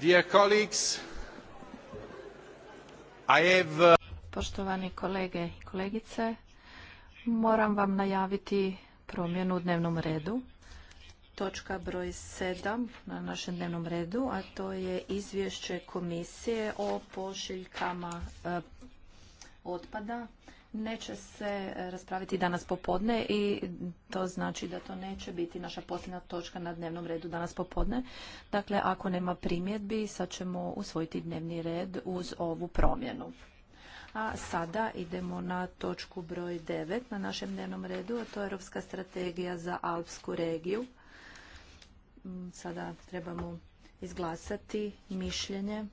Uh, Poštovani kolege i kolegice, moram vam najaviti promjenu u dnevnom redu. Točka broj sedam na našem dnevnom redu, a to je izvješće komisije o pošiljkama eh, otpada neće se e, raspraviti danas popodne i to znači da to neće biti naša posljedna točka na dnevnom redu danas popodne. Dakle, ako nema primjedbi, sad ćemo usvojiti dnevni red uz ovu promjenu. A sada idemo na točku broj 9 na našem dnevnom redu, a to je Europska strategija za Alpsku regiju. Mm, sada trebamo izglasati mišljenje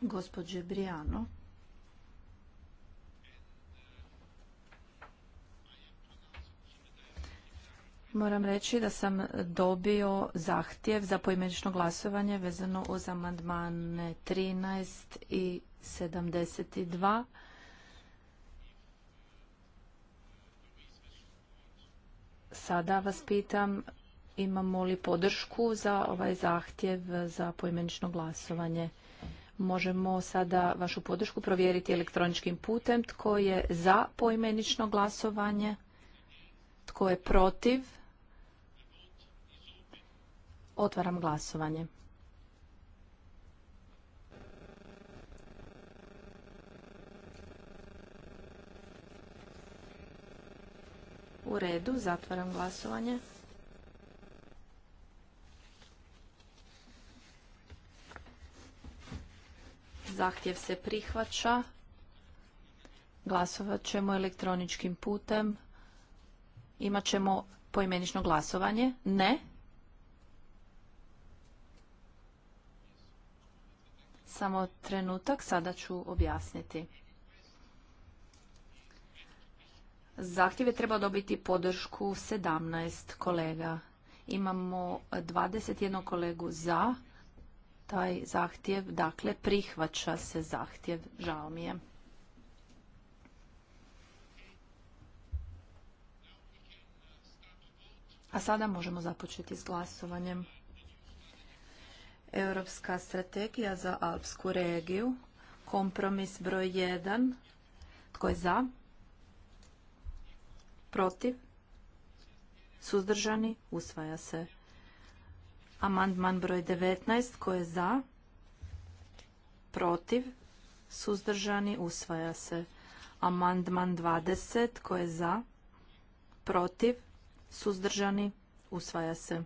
gospođe Brijano. Moram reći da sam dobio zahtjev za poimenično glasovanje vezano uz amandmane 13 i 72. Sada vas pitam imamo li podršku za ovaj zahtjev za poimenično glasovanje. Možemo sada vašu podršku provjeriti elektroničkim putem. Tko je za poimenično glasovanje? Tko je protiv? Otvaram glasovanje. U redu, zatvaram glasovanje. Zahtjev se prihvaća. Glasovat ćemo elektroničkim putem. Imat ćemo poimenično glasovanje. Ne. Samo trenutak, sada ću objasniti. Zahtjev treba dobiti podršku 17 kolega. Imamo 21 kolegu za taj zahtjev, dakle prihvaća se zahtjev, žao mi je. A sada možemo započeti s glasovanjem. Europska strategija za Alpsku regiju. Kompromis broj 1. Tko je za? Protiv? Suzdržani? Usvaja se. Amandman broj 19. Tko je za? Protiv? Suzdržani? Usvaja se. Amandman 20. Tko je za? Protiv? Suzdržani? Usvaja se.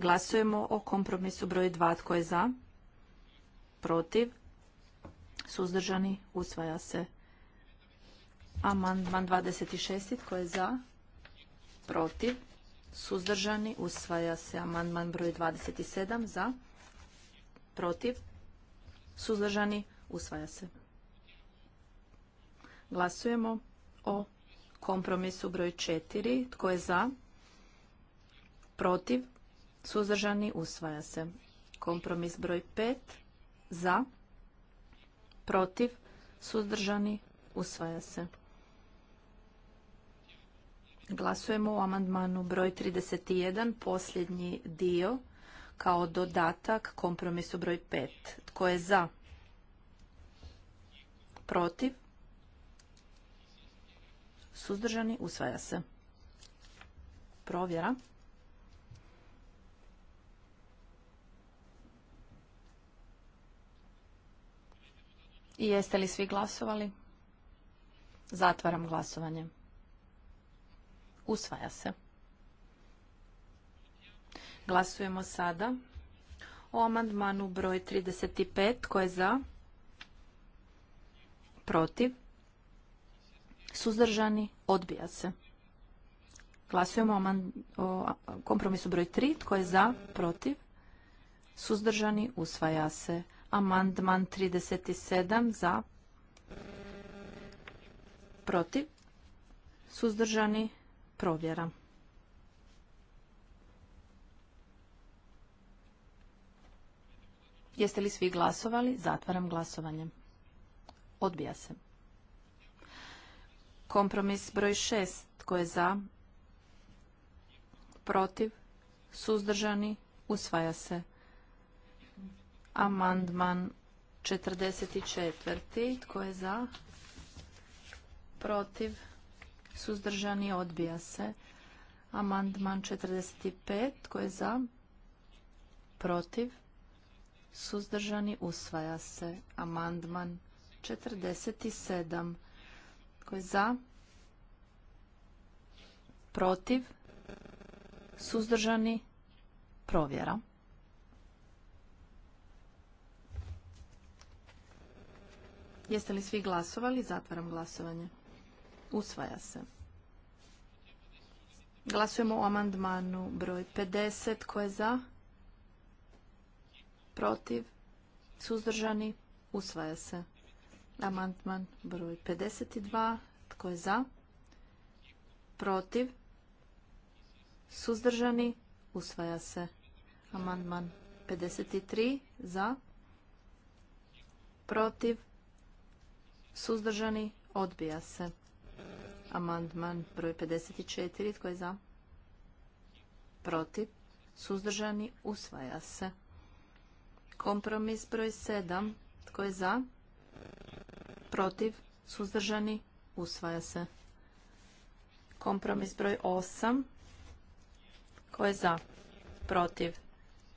Glasujemo o kompromisu broj 2. Tko je za? Protiv? Suzdržani? Usvaja se. Amandman 26. Tko je za? Protiv? Suzdržani? Usvaja se. Amandman broj 27. Za? Protiv? Suzdržani? Usvaja se. Glasujemo o kompromisu broj 4. Tko je za? Protiv? Suzdržani usvaja se. Kompromis broj 5 za, protiv, suzdržani usvaja se. Glasujemo o amandmanu broj 31, posljednji dio, kao dodatak kompromisu broj 5. Tko je za? Protiv? Suzdržani? Usvaja se. Provjera. I jeste li svi glasovali? Zatvaram glasovanje. Usvaja se. Glasujemo sada o amandmanu broj 35. koje je za? Protiv? Suzdržani? Odbija se. Glasujemo o kompromisu broj 3. koje je za? Protiv? Suzdržani? Usvaja se. Amandman 37 za. Protiv. Suzdržani. Provjera. Jeste li svi glasovali? Zatvaram glasovanje. Odbija se. Kompromis broj 6. Tko je za? Protiv? Suzdržani? Usvaja se. Amandman 44. Tko je za? Protiv? Suzdržani? Odbija se. Amandman 45. Tko je za? Protiv? Suzdržani? Usvaja se. Amandman 47. Tko je za? Protiv? Suzdržani? Provjera. Jeste li svi glasovali? Zatvaram glasovanje. Usvaja se. Glasujemo o amandmanu broj 50. Ko je za? Protiv? Suzdržani? Usvaja se. Amandman broj 52. Tko je za? Protiv? Suzdržani? Usvaja se. Amandman 53. Za? Protiv? Suzdržani? Odbija se. Amandman broj 54. Tko je za? Protiv? Suzdržani? Usvaja se. Kompromis broj 7. Tko je za? Protiv? Suzdržani? Usvaja se. Kompromis broj 8. Tko je za? Protiv?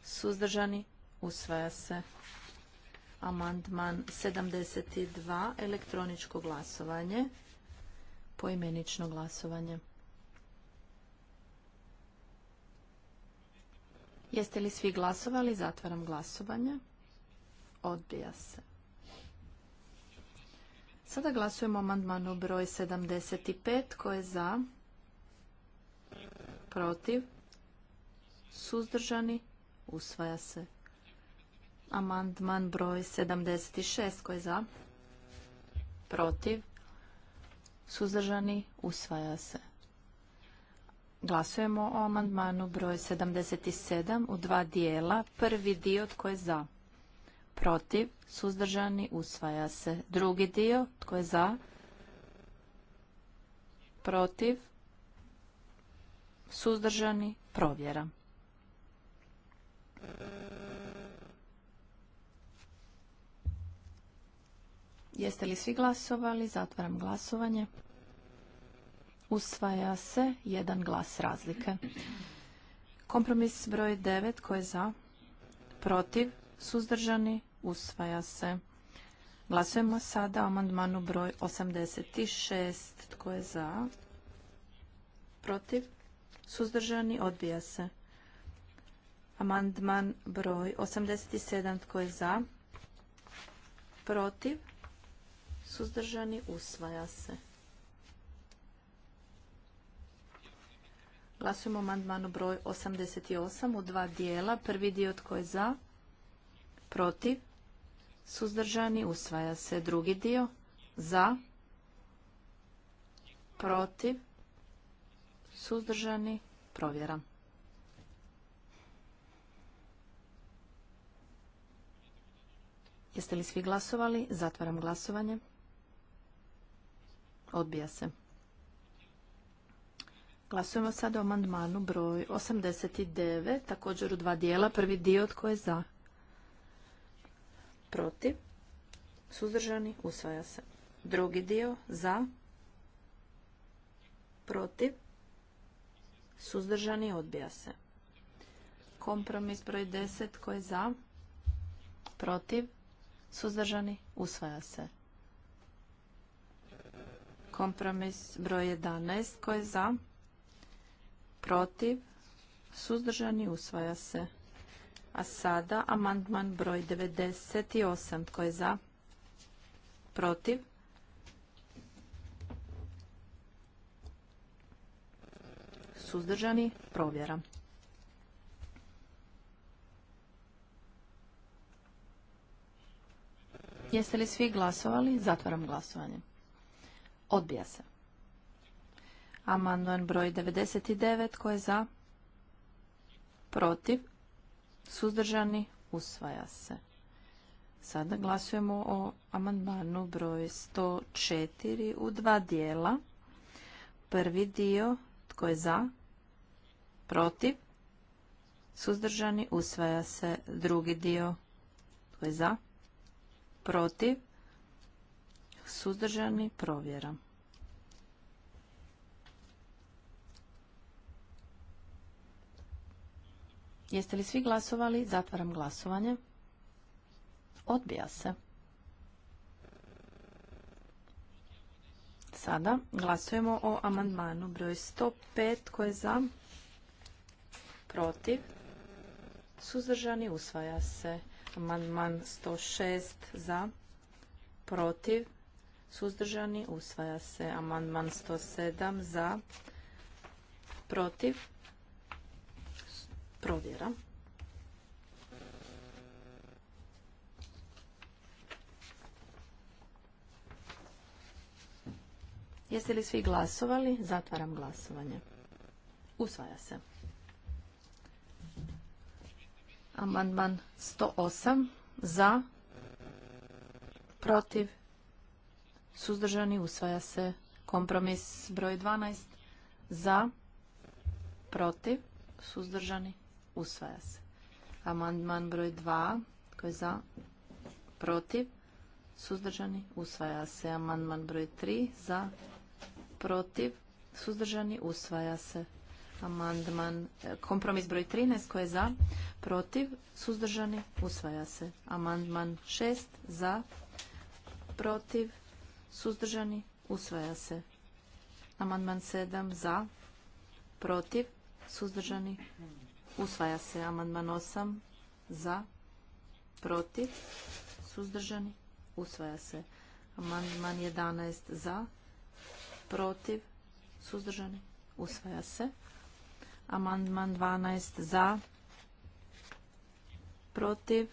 Suzdržani? Usvaja se. Amandman 72. Elektroničko glasovanje. Poimenično glasovanje. Jeste li svi glasovali? Zatvaram glasovanje. Odbija se. Sada glasujemo amandmanu broj 75. Ko je za? Protiv? Suzdržani? Usvaja se. Amandman broj 76 koji je za, protiv, suzdržani, usvaja se. Glasujemo o amandmanu broj 77 u dva dijela. Prvi dio tko je za, protiv, suzdržani, usvaja se. Drugi dio tko je za, protiv, suzdržani, provjera. Jeste li svi glasovali? Zatvaram glasovanje. Usvaja se jedan glas razlike. Kompromis broj 9 Koje je za, protiv, suzdržani, usvaja se. Glasujemo sada o amandmanu broj 86. Tko je za? Protiv? Suzdržani? Odbija se. Amandman broj 87. Tko je za? Protiv? suzdržani, usvaja se. Glasujemo mandmanu broj 88 u dva dijela. Prvi dio tko je za, protiv, suzdržani, usvaja se. Drugi dio za, protiv, suzdržani, provjera. Jeste li svi glasovali? Zatvaram glasovanje. Odbija se. Glasujemo sada o amandmanu broj 89, također u dva dijela. Prvi dio tko je za? Protiv? Suzdržani? Usvaja se. Drugi dio za? Protiv? Suzdržani? Odbija se. Kompromis broj 10 tko je za? Protiv? Suzdržani? Usvaja se. Kompromis broj 11. tko je za? Protiv? Suzdržani usvaja se. A sada amandman broj 98. Tko je za? Protiv? Suzdržani? provjeram. Jeste li svi glasovali? Zatvaram glasovanje. Odbija se. Amandman broj 99. Tko je za? Protiv? Suzdržani? Usvaja se. Sada glasujemo o amandmanu broj 104 u dva dijela. Prvi dio, tko je za? Protiv? Suzdržani? Usvaja se. Drugi dio, tko je za? Protiv? suzdržani, provjera. Jeste li svi glasovali? Zatvaram glasovanje. Odbija se. Sada glasujemo o amandmanu broj 105 koji je za, protiv, suzdržani, usvaja se. Amandman 106 za, protiv, suzdržani, usvaja se. Amandman 107 za, protiv, provjera. Jeste li svi glasovali? Zatvaram glasovanje. Usvaja se. Amandman 108 za, protiv, suzdržani, usvaja se. Kompromis broj 12 za, protiv, suzdržani, usvaja se. Amandman broj 2 koji je za, protiv, suzdržani, usvaja se. Amandman broj 3 za, protiv, suzdržani, usvaja se. Amandman, e, kompromis broj 13 koji je za, protiv, suzdržani, usvaja se. Amandman 6 za, protiv, suzdržani, usvaja se. Amandman 7 za, protiv, suzdržani, usvaja se. Amandman 8 za, protiv, suzdržani, usvaja se. Amandman 11 za, protiv, suzdržani, usvaja se. Amandman 12 za, protiv,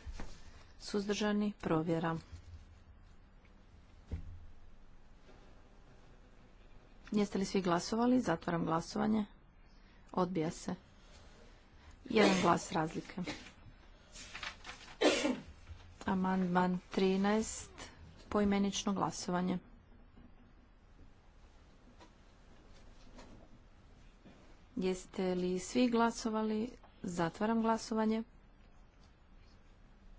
suzdržani, provjeram. Jeste li svi glasovali? Zatvaram glasovanje. Odbija se. Jedan glas razlike. Amandman 13. Poimenično glasovanje. Jeste li svi glasovali? Zatvaram glasovanje.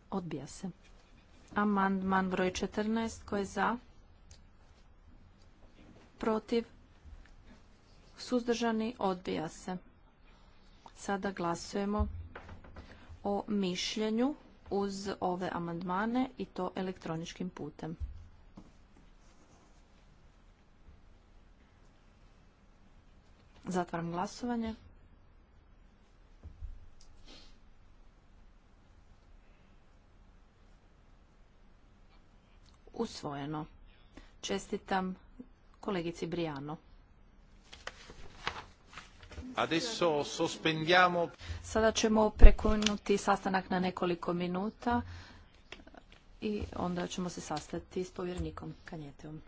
Odbija se. Amandman broj 14. Ko je za? Protiv? suzdržani, odbija se. Sada glasujemo o mišljenju uz ove amandmane i to elektroničkim putem. Zatvaram glasovanje. Usvojeno. Čestitam kolegici Brijano. Adesso Sada ćemo prekinuti sastanak na nekoliko minuta i onda ćemo se sastati s povjerenikom Kanjeteom.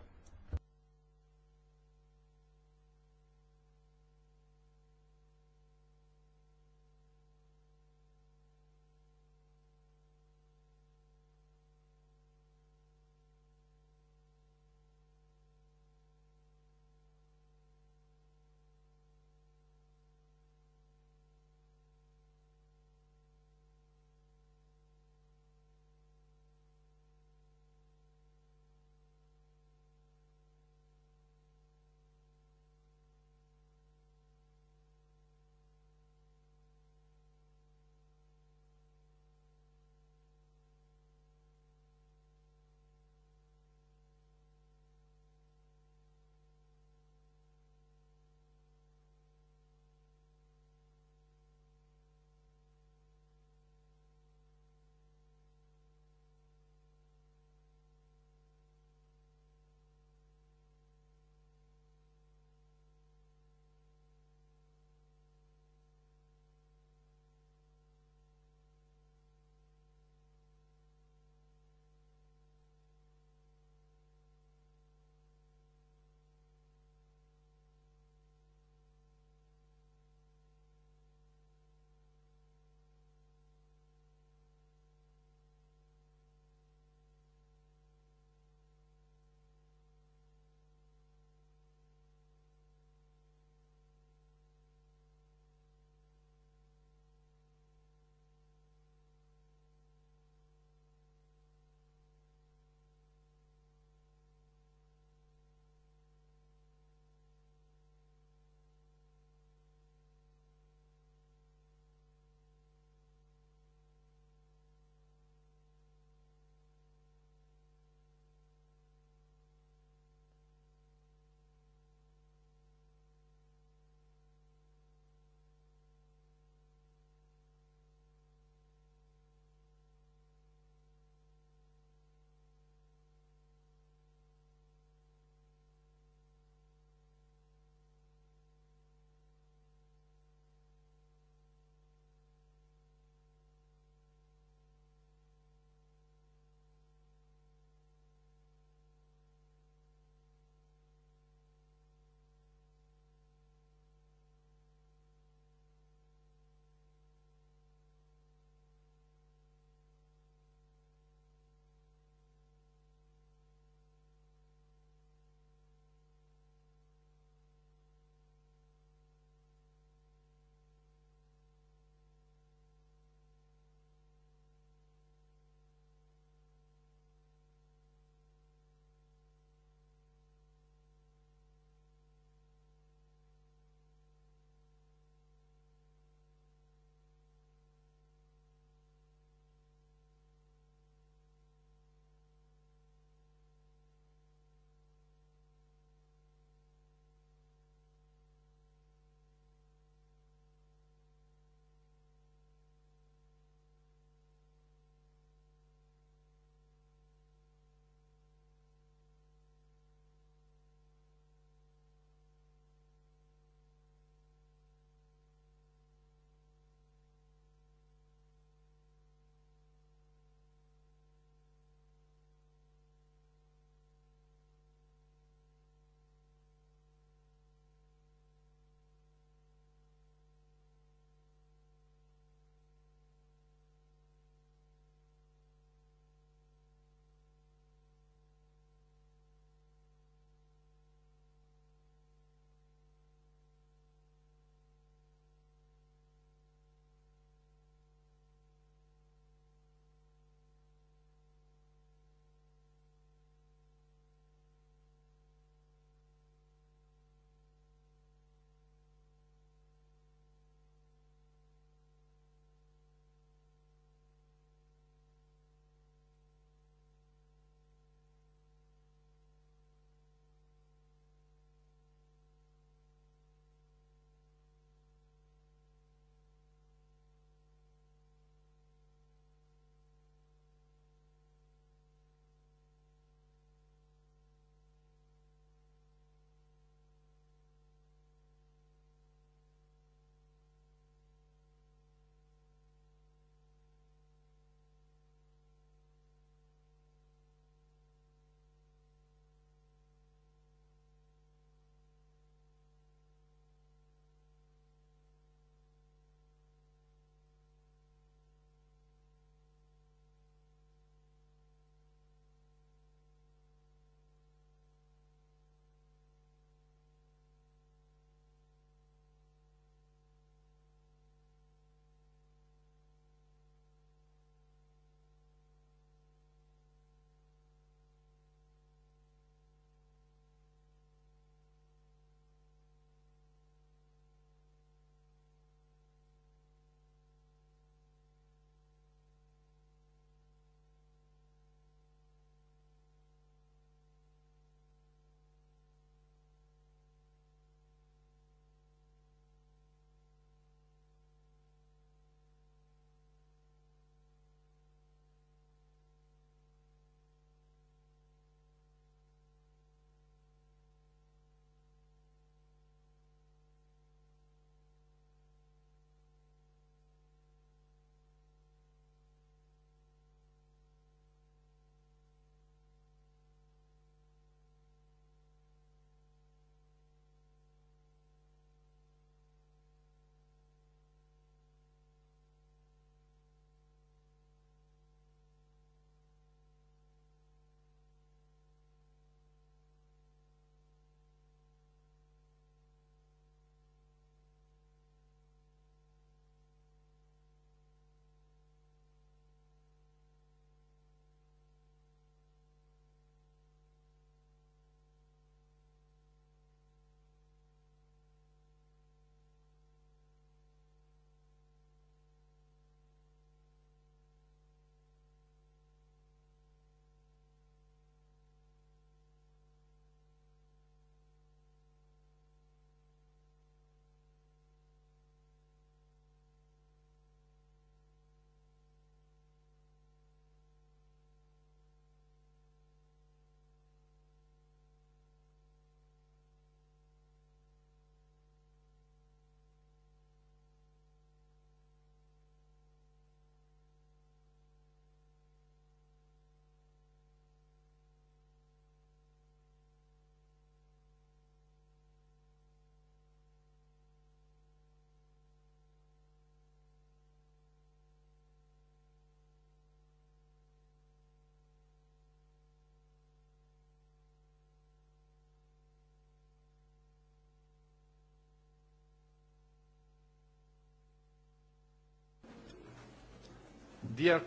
Dear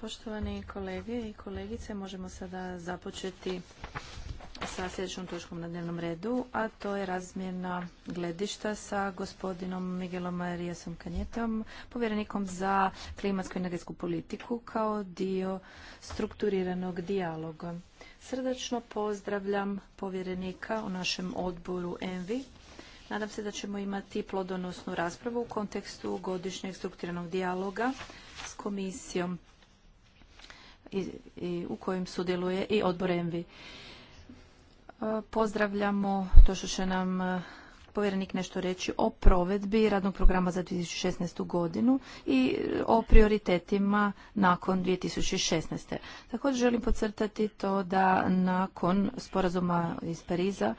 Poštovani kolege i kolegice, možemo sada započeti sa sljedećom točkom na dnevnom redu, a to je razmjena gledišta sa gospodinom Miguelom Marijasom Kanjetom, povjerenikom za klimatsku i energetsku politiku kao dio strukturiranog dijaloga. Srdačno pozdravljam povjerenika u našem odboru ENVI. Nadam se da ćemo imati plodonosnu raspravu u kontekstu godišnjeg strukturiranog dijaloga komisijom i, u kojem sudjeluje i odbor ENVI. E, pozdravljamo to što će nam e, povjerenik nešto reći o provedbi radnog programa za 2016. godinu i e, o prioritetima nakon 2016. Također želim podcrtati to da nakon sporazuma iz Pariza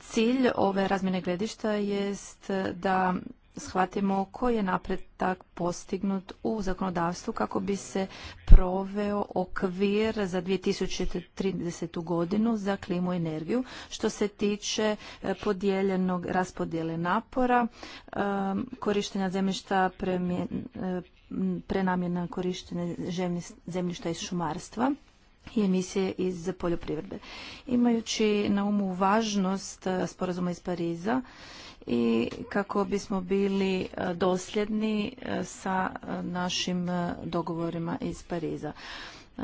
cilj ove razmjene gledišta jest da shvatimo koji je napredak postignut u zakonodavstvu kako bi se proveo okvir za 2030. godinu za klimu i energiju. Što se tiče e, podijeljenog raspodjele napora, e, korištenja zemljišta e, prenamjena korištenja zemljišta iz šumarstva i emisije iz poljoprivrede. Imajući na umu važnost sporazuma iz Pariza, i kako bismo bili e, dosljedni e, sa e, našim dogovorima iz Pariza.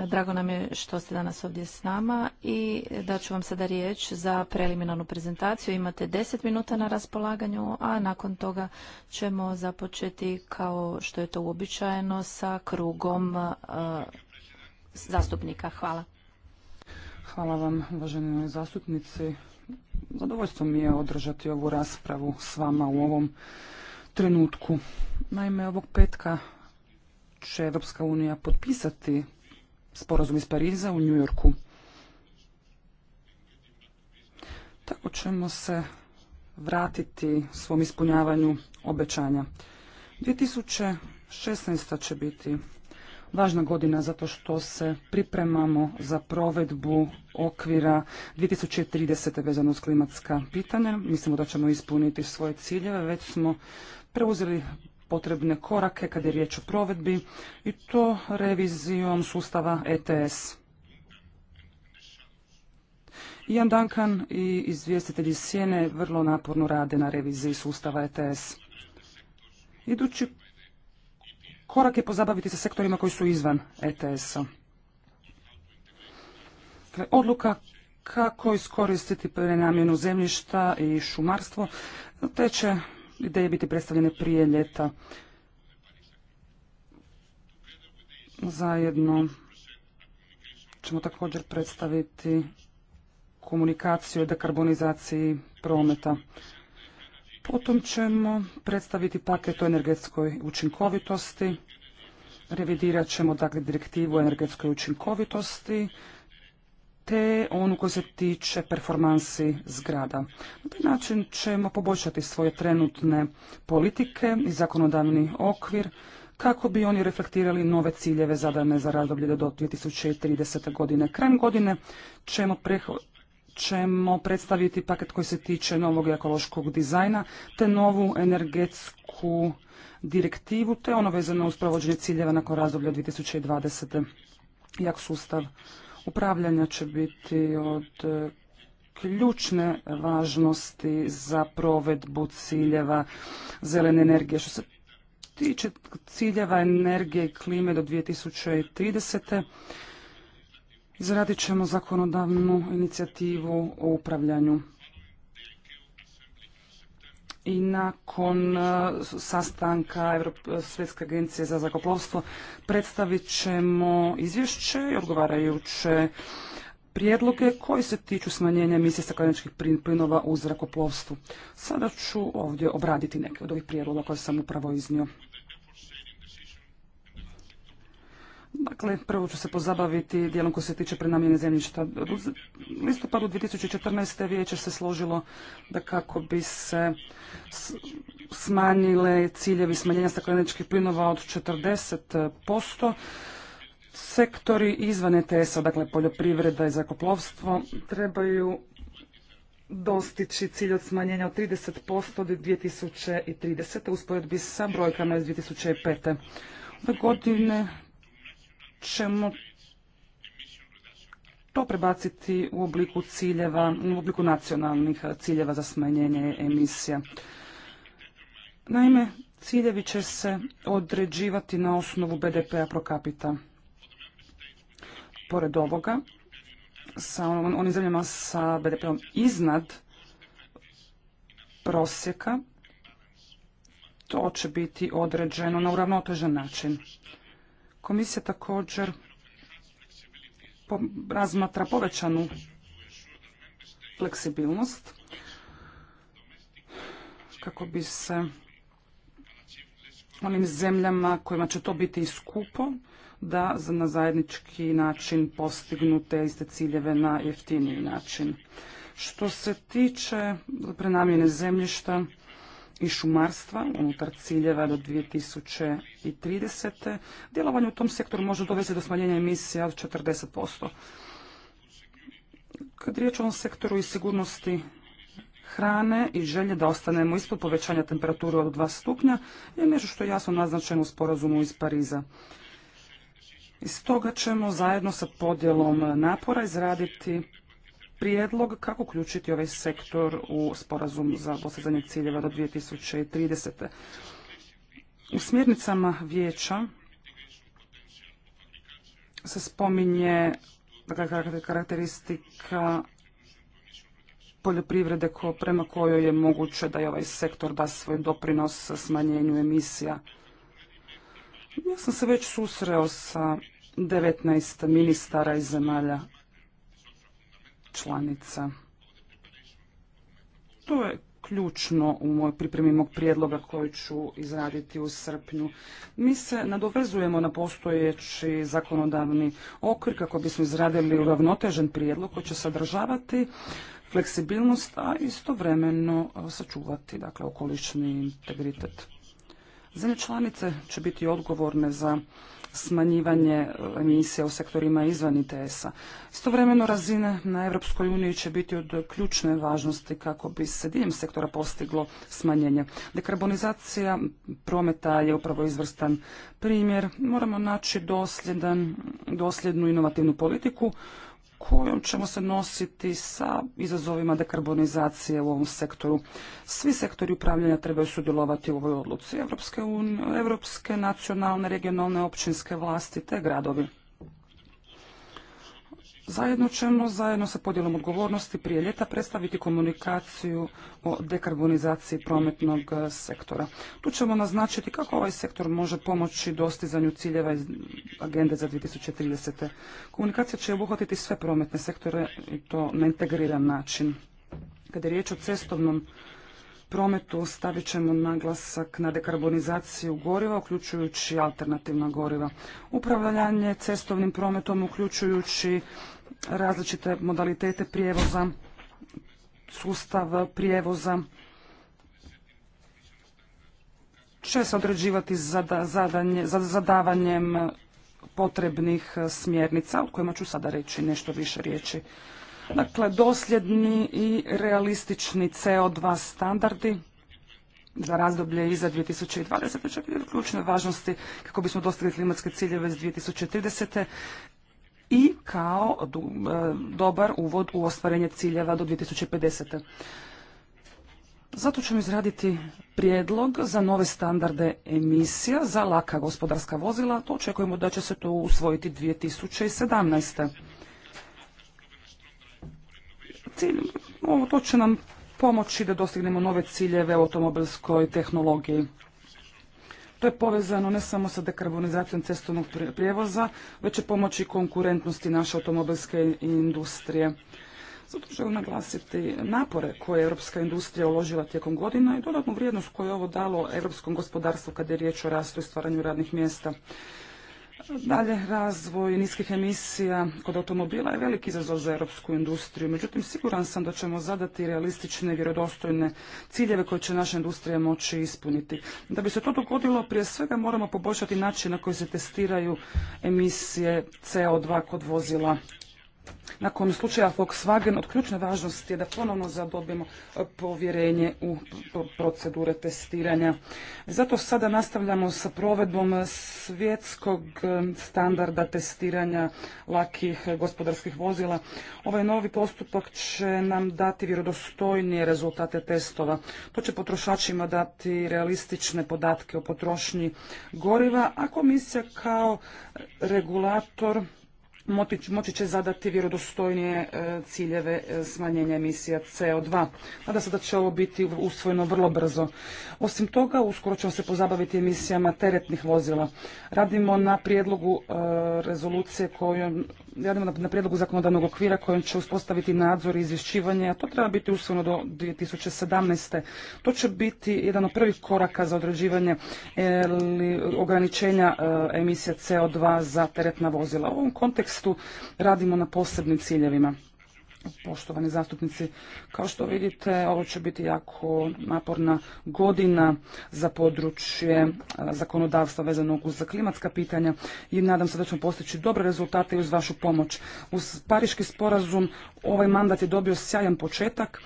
Drago nam je što ste danas ovdje s nama i da ću vam sada riječ za preliminarnu prezentaciju. Imate deset minuta na raspolaganju, a nakon toga ćemo započeti kao što je to uobičajeno sa krugom zastupnika. Hvala. Hvala vam, uvaženi zastupnici. Zadovoljstvo mi je održati ovu raspravu s vama u ovom trenutku. Naime, ovog petka će Europska unija potpisati sporazum iz Pariza u New Tako ćemo se vratiti svom ispunjavanju obećanja. 2016. će biti važna godina zato što se pripremamo za provedbu okvira 2030. vezano uz klimatska pitanja. Mislimo da ćemo ispuniti svoje ciljeve. Već smo preuzeli potrebne korake kad je riječ o provedbi i to revizijom sustava ETS. Ian Duncan i izvjestitelji Sjene vrlo naporno rade na reviziji sustava ETS. Idući korak je pozabaviti sa sektorima koji su izvan ETS-a. Dakle, odluka kako iskoristiti prenamjenu zemljišta i šumarstvo, te će ideje biti predstavljene prije ljeta. Zajedno ćemo također predstaviti komunikaciju o dekarbonizaciji prometa. Potom ćemo predstaviti paket o energetskoj učinkovitosti, revidirat ćemo dakle direktivu o energetskoj učinkovitosti, te onu koja se tiče performansi zgrada. Na taj način ćemo poboljšati svoje trenutne politike i zakonodavni okvir kako bi oni reflektirali nove ciljeve zadane za razdoblje do 2030. godine. Krajem godine ćemo ćemo predstaviti paket koji se tiče novog ekološkog dizajna, te novu energetsku direktivu, te ono vezano uz provođenje ciljeva nakon razdoblja 2020. Jak sustav upravljanja će biti od e, ključne važnosti za provedbu ciljeva zelene energije. Što se tiče ciljeva energije i klime do 2030. Izradit ćemo zakonodavnu inicijativu o upravljanju. I nakon e, sastanka Svjetske agencije za zakoplovstvo predstavit ćemo izvješće i odgovarajuće prijedloge koji se tiču smanjenja emisije stakleničkih plinova u zrakoplovstvu. Sada ću ovdje obraditi neke od ovih prijedloga koje sam upravo iznio. Dakle, prvo ću se pozabaviti dijelom koji se tiče prenamjene zemljišta. U listopadu 2014. vijeće se složilo da kako bi se smanjile ciljevi smanjenja stakleničkih plinova od 40%, sektori izvan ets dakle poljoprivreda i zakoplovstvo, trebaju dostići cilj od smanjenja od 30% do 2030. usporedbi sa brojkama iz 2005. Ove godine ćemo to prebaciti u obliku ciljeva, u obliku nacionalnih ciljeva za smanjenje emisija. Naime, ciljevi će se određivati na osnovu BDP-a pro capita. Pored ovoga, sa onim zemljama sa BDP-om iznad prosjeka, to će biti određeno na uravnotežen način. Komisija također razmatra povećanu fleksibilnost kako bi se onim zemljama kojima će to biti skupo da na zajednički način postignu te iste ciljeve na jeftiniji način. Što se tiče prenamjene zemljišta, i šumarstva unutar ciljeva do 2030. Djelovanje u tom sektoru može dovesti do smanjenja emisija od 40%. Kad riječ o sektoru i sigurnosti hrane i želje da ostanemo ispod povećanja temperature od 2 stupnja je nešto što je jasno naznačeno u sporazumu iz Pariza. Iz toga ćemo zajedno sa podjelom napora izraditi prijedlog kako uključiti ovaj sektor u sporazum za postizanje ciljeva do 2030. U smjernicama vijeća se spominje dakle, karakteristika poljoprivrede prema kojoj je moguće da je ovaj sektor da svoj doprinos smanjenju emisija. Ja sam se već susreo sa 19 ministara iz zemalja članica. To je ključno u mojoj pripremi mog prijedloga koji ću izraditi u srpnju. Mi se nadovezujemo na postojeći zakonodavni okvir kako bismo izradili uravnotežen prijedlog koji će sadržavati fleksibilnost, a istovremeno e, sačuvati dakle, okolišni integritet. Zemlje članice će biti odgovorne za smanjivanje emisija u sektorima izvan ITS-a. Istovremeno razine na Europskoj uniji će biti od ključne važnosti kako bi se diljem sektora postiglo smanjenje. Dekarbonizacija prometa je upravo izvrstan primjer. Moramo naći dosljedan, dosljednu inovativnu politiku kojom ćemo se nositi sa izazovima dekarbonizacije u ovom sektoru. Svi sektori upravljanja trebaju sudjelovati u ovoj odluci. Evropske, nacionalne, regionalne, općinske vlasti te gradovi. Zajedno ćemo, zajedno sa podjelom odgovornosti prije ljeta, predstaviti komunikaciju o dekarbonizaciji prometnog e, sektora. Tu ćemo naznačiti kako ovaj sektor može pomoći dostizanju ciljeva iz agende za 2030. Komunikacija će obuhvatiti sve prometne sektore i to na integriran način. Kada je riječ o cestovnom prometu stavit ćemo naglasak na dekarbonizaciju goriva, uključujući alternativna goriva. Upravljanje cestovnim prometom, uključujući različite modalitete prijevoza, sustav prijevoza, će se određivati zadavanjem potrebnih smjernica, o kojima ću sada reći nešto više riječi. Dakle, dosljedni i realistični CO2 standardi za razdoblje iza 2020. čak i od ključne važnosti kako bismo dostigli klimatske ciljeve iz 2030. i kao e, dobar uvod u ostvarenje ciljeva do 2050. Zato ćemo izraditi prijedlog za nove standarde emisija za laka gospodarska vozila. To očekujemo da će se to usvojiti 2017. Cilj, ovo to će nam pomoći da dostignemo nove ciljeve u automobilskoj tehnologiji. To je povezano ne samo sa dekarbonizacijom cestovnog prijevoza, već će pomoći konkurentnosti naše automobilske industrije. Zato želim naglasiti napore koje je europska industrija uložila tijekom godina i dodatnu vrijednost koju je ovo dalo europskom gospodarstvu kada je riječ o rastu i stvaranju radnih mjesta. Dalje, razvoj niskih emisija kod automobila je veliki izazov za europsku industriju. Međutim, siguran sam da ćemo zadati realistične, vjerodostojne ciljeve koje će naša industrija moći ispuniti. Da bi se to dogodilo, prije svega moramo poboljšati način na koji se testiraju emisije CO2 kod vozila nakon slučaja Volkswagen od ključne važnosti je da ponovno zadobimo e, povjerenje u procedure testiranja. Zato sada nastavljamo sa provedbom svjetskog e, standarda testiranja lakih gospodarskih vozila. Ovaj novi postupak će nam dati vjerodostojnije rezultate testova. To će potrošačima dati realistične podatke o potrošnji goriva, a komisija kao regulator moći će zadati vjerodostojnije e, ciljeve e, smanjenja emisija CO2. Nada se da će ovo biti usvojeno vrlo brzo. Osim toga, uskoro ćemo se pozabaviti emisijama teretnih vozila. Radimo na prijedlogu e, rezolucije kojom radimo na prijedlogu zakonodavnog okvira kojim će uspostaviti nadzor i izvješćivanje, a to treba biti usvojeno do 2017. To će biti jedan od prvih koraka za određivanje e, ograničenja e, emisija CO2 za teretna vozila. U ovom kontekstu radimo na posebnim ciljevima. Poštovani zastupnici, kao što vidite, ovo će biti jako naporna godina za područje e, zakonodavstva vezanog uz klimatska pitanja i nadam se da ćemo postići dobre rezultate uz vašu pomoć. Uz Pariški sporazum ovaj mandat je dobio sjajan početak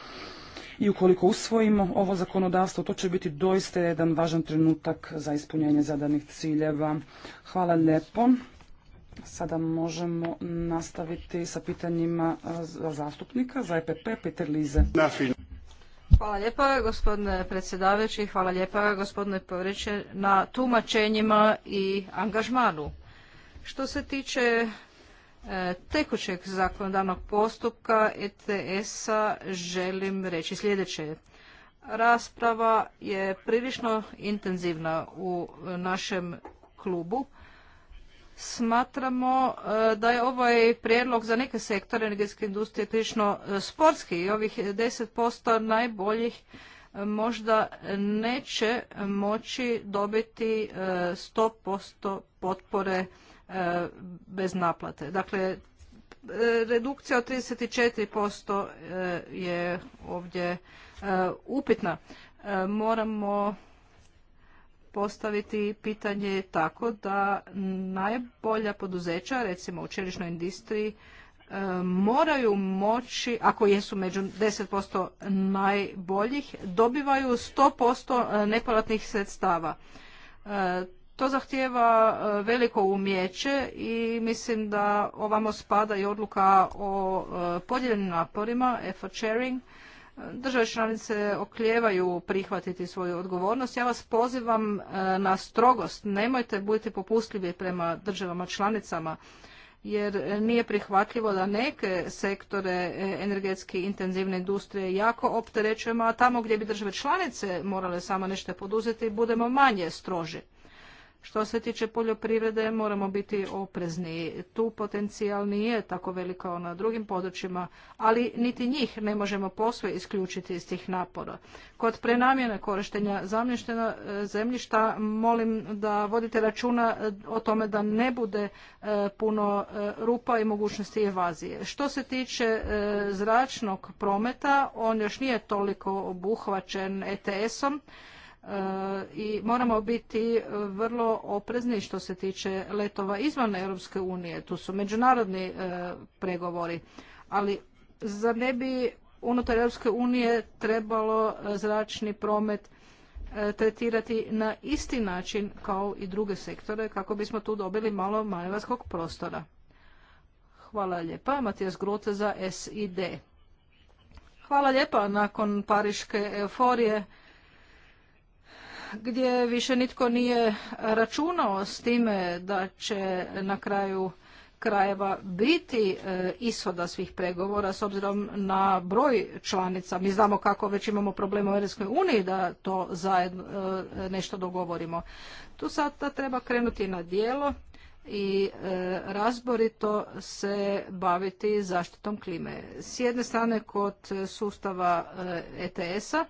i ukoliko usvojimo ovo zakonodavstvo, to će biti doista jedan važan trenutak za ispunjenje zadanih ciljeva. Hvala lijepo. Sada možemo nastaviti sa pitanjima e, za zastupnika za EPP Peter Lize. Hvala lijepa gospodine predsjedavajući, hvala lijepa gospodine Povriće na tumačenjima i angažmanu. Što se tiče e, tekućeg zakonodavnog postupka ETS-a želim reći sljedeće. Rasprava je prilično intenzivna u našem klubu smatramo eh, da je ovaj prijedlog za neke sektore energetske industrije prilično eh, sportski i ovih 10% najboljih eh, možda neće moći dobiti 100% potpore bez naplate. Dakle, redukcija od 34% je ovdje upitna. Moramo postaviti pitanje tako da najbolja poduzeća, recimo u čeličnoj industriji, e, moraju moći, ako jesu među 10% najboljih, dobivaju 100% e, nepovratnih sredstava. E, to zahtijeva veliko umjeće i mislim da ovamo spada i odluka o podijeljenim naporima, effort sharing, Države članice okljevaju prihvatiti svoju odgovornost. Ja vas pozivam e, na strogost. Nemojte, budite popustljivi prema državama članicama jer nije prihvatljivo da neke sektore e, energetski intenzivne industrije jako opterećujemo, a tamo gdje bi države članice morale samo nešto poduzeti budemo manje stroži. Što se tiče poljoprivrede, moramo biti oprezni. Tu potencijal nije tako velik kao na drugim područjima, ali niti njih ne možemo posve isključiti iz tih napora. Kod prenamjene korištenja zemljišta molim da vodite računa o tome da ne bude e, puno e, rupa i mogućnosti evazije. Što se tiče e, zračnog prometa, on još nije toliko obuhvaćen ETS-om, i moramo biti vrlo oprezni što se tiče letova izvan Europske unije. Tu su međunarodni e, pregovori, ali zar ne bi unutar Europske unije trebalo e, zračni promet e, tretirati na isti način kao i druge sektore kako bismo tu dobili malo manevarskog prostora. Hvala lijepa. Matijas Grote za SID. Hvala lijepa nakon pariške euforije gdje više nitko nije računao s time da će na kraju krajeva biti e, ishoda svih pregovora s obzirom na broj članica. Mi znamo kako već imamo problem u Europskoj uniji da to zajedno e, nešto dogovorimo. Tu sada treba krenuti na dijelo i e, razborito se baviti zaštitom klime. S jedne strane kod sustava ETS-a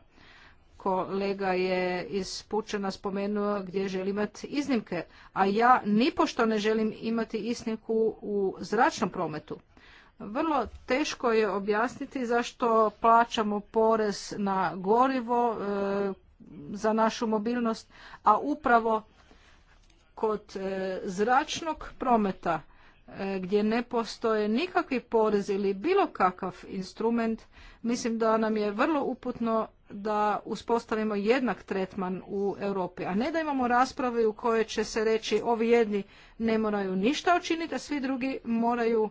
kolega je iz Pučana spomenuo gdje želi imati iznimke, a ja nipošto ne želim imati iznimku u zračnom prometu. Vrlo teško je objasniti zašto plaćamo porez na gorivo e, za našu mobilnost, a upravo kod e, zračnog prometa e, gdje ne postoje nikakvi porez ili bilo kakav instrument, mislim da nam je vrlo uputno da uspostavimo jednak tretman u Europi, a ne da imamo rasprave u kojoj će se reći ovi jedni ne moraju ništa učiniti, a svi drugi moraju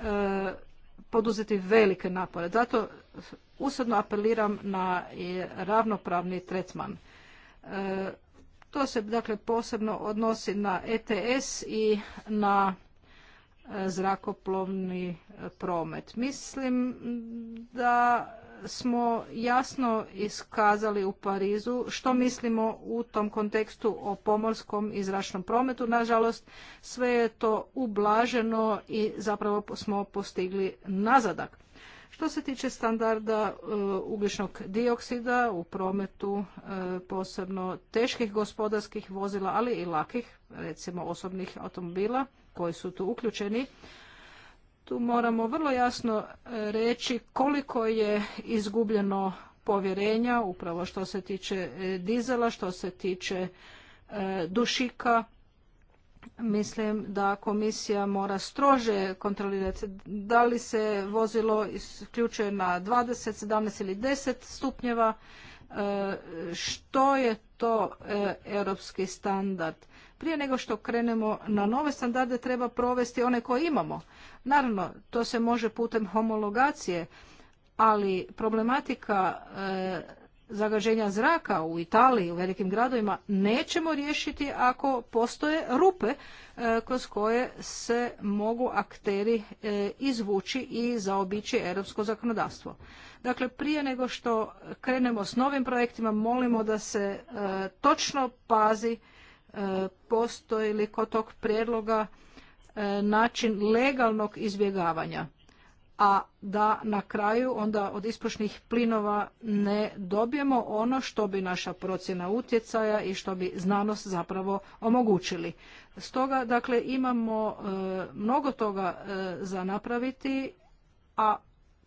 e, poduzeti velike napore. Zato usadno apeliram na e, ravnopravni tretman. E, to se dakle posebno odnosi na ETS i na zrakoplovni promet. Mislim da smo jasno iskazali u Parizu što mislimo u tom kontekstu o pomorskom i zračnom prometu. Nažalost, sve je to ublaženo i zapravo smo postigli nazadak. Što se tiče standarda e, ugljičnog dioksida u prometu e, posebno teških gospodarskih vozila, ali i lakih, recimo osobnih automobila koji su tu uključeni, tu moramo vrlo jasno e, reći koliko je izgubljeno povjerenja upravo što se tiče e, dizela, što se tiče e, dušika. Mislim da komisija mora strože kontrolirati da li se vozilo isključuje na 20, 17 ili 10 stupnjeva, što je to europski standard. Prije nego što krenemo na nove standarde treba provesti one koje imamo Naravno, to se može putem homologacije, ali problematika e, zagađenja zraka u Italiji, u velikim gradovima, nećemo riješiti ako postoje rupe e, kroz koje se mogu akteri e, izvući i zaobići europsko zakonodavstvo. Dakle, prije nego što krenemo s novim projektima, molimo da se točno pazi postoji li kod tog prijedloga E, način legalnog izbjegavanja a da na kraju onda od ispušnih plinova ne dobijemo ono što bi naša procjena utjecaja i što bi znanost zapravo omogućili. Stoga dakle imamo e, mnogo toga e, za napraviti, a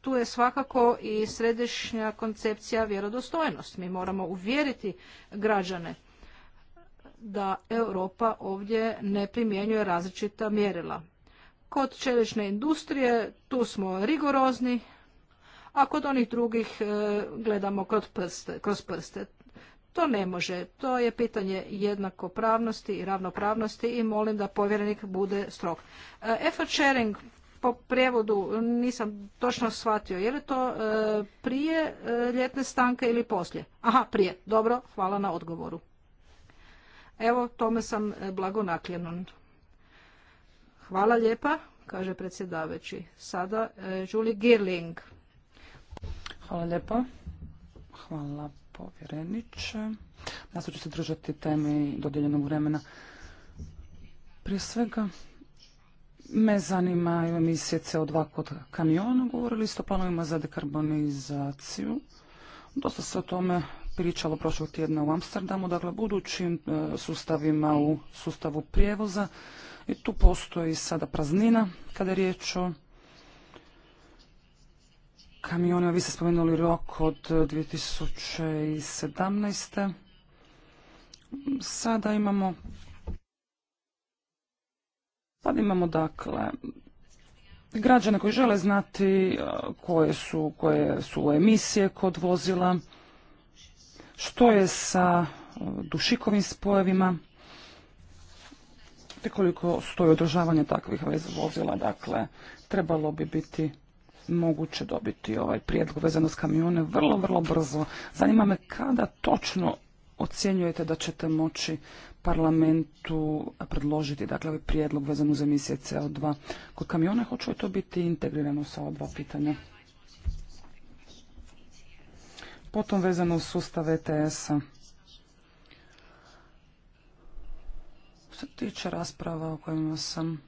tu je svakako i središnja koncepcija vjerodostojnost. Mi moramo uvjeriti građane da Europa ovdje ne primjenjuje različita mjerila. Kod čelične industrije tu smo rigorozni, a kod onih drugih e, gledamo kroz prste. To ne može. To je pitanje jednakopravnosti i ravnopravnosti i molim da povjerenik bude strog. E, effort sharing po prijevodu nisam točno shvatio. Je li to e, prije ljetne stanke ili poslije? Aha, prije. Dobro, hvala na odgovoru. Evo, tome sam e, blagonakljenon. Hvala lijepa, kaže predsjedavajući. Sada e, Julie Girling. Hvala lijepa. Hvala povjereniče. Nasto ću se držati temi dodijeljenog vremena. Prije svega, me zanima emisije CO2 kod kamiona. Govorili ste o planovima za dekarbonizaciju. Dosta se o tome pričalo prošlog tjedna u Amsterdamu, dakle budućim e, sustavima u sustavu prijevoza i tu postoji sada praznina kada je riječ o kamionima. Vi ste spomenuli rok od 2017. Sada imamo Sad imamo dakle građane koji žele znati e, koje su, koje su emisije kod vozila. Što je sa uh, dušikovim spojevima? Te koliko stoji održavanje takvih vozila? Dakle, trebalo bi biti moguće dobiti ovaj prijedlog vezano uz kamione vrlo, vrlo brzo. Zanima me kada točno ocjenjujete da ćete moći parlamentu predložiti dakle ovaj prijedlog vezan uz emisije CO2 kod kamiona, hoće li to biti integrirano sa ova dva pitanja? potom vezano uz sustav ETS-a. Što se tiče rasprava o kojima sam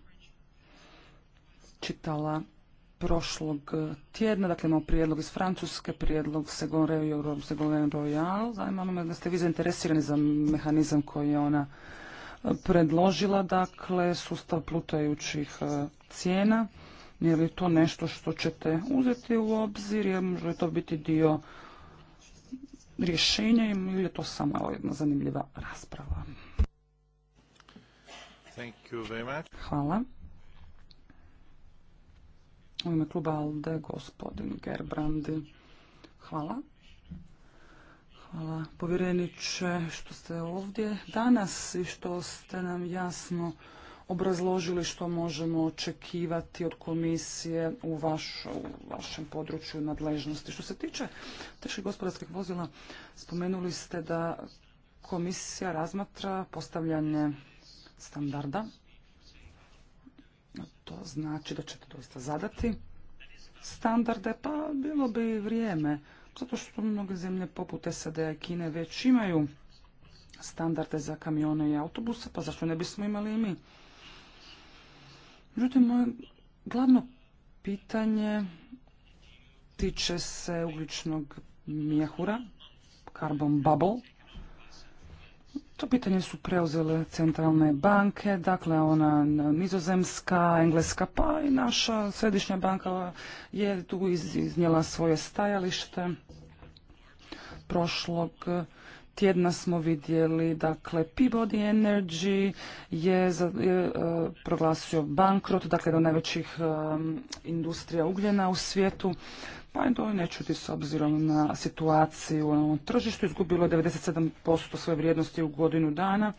čitala prošlog tjedna, dakle imamo prijedlog iz Francuske, prijedlog Segoren Royal, zanimalo me da ste vi zainteresirani za mehanizam koji je ona e, predložila, dakle sustav plutajućih e, cijena. Je li to nešto što ćete uzeti u obzir, jer može to biti dio rješenje ili je to samo jedna zanimljiva rasprava? Thank you Hvala. U ime kluba Alde, gospodin Gerbrandi. Hvala. Hvala povjereniče što ste ovdje danas i što ste nam jasno obrazložili što možemo očekivati od komisije u, vašem području nadležnosti. Što se tiče teških gospodarskih vozila, spomenuli ste da komisija razmatra postavljanje standarda. To znači da ćete doista zadati standarde, pa bilo bi vrijeme, zato što mnoge zemlje poput SAD i Kine već imaju standarde za kamione i autobuse, pa zašto ne bismo imali i mi? Međutim, moje glavno pitanje tiče se ugljičnog mjehura, carbon bubble. To pitanje su preuzele centralne banke, dakle ona nizozemska, engleska pa i naša središnja banka je tu iznijela svoje stajalište prošlog tjedna smo vidjeli, dakle, Peabody Energy je, e, proglasio bankrot, dakle, do najvećih e, industrija ugljena u svijetu. Pa je to ne čuti s obzirom na situaciju u tržištu. Izgubilo je 97% svoje vrijednosti u godinu dana.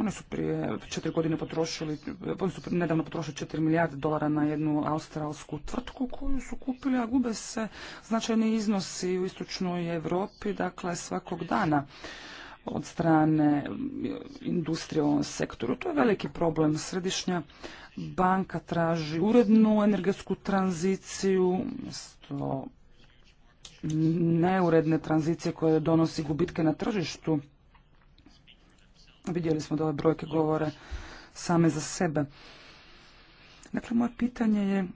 Oni su prije četiri godine potrošili, oni su nedavno potrošili četiri milijarde dolara na jednu australsku tvrtku koju su kupili, a gube se značajni iznosi u istočnoj Europi, dakle svakog dana od strane industrije u ovom sektoru. To je veliki problem. Središnja banka traži urednu energetsku tranziciju, neuredne tranzicije koje donosi gubitke na tržištu Vidjeli smo da ove brojke govore same za sebe. Dakle, moje pitanje je,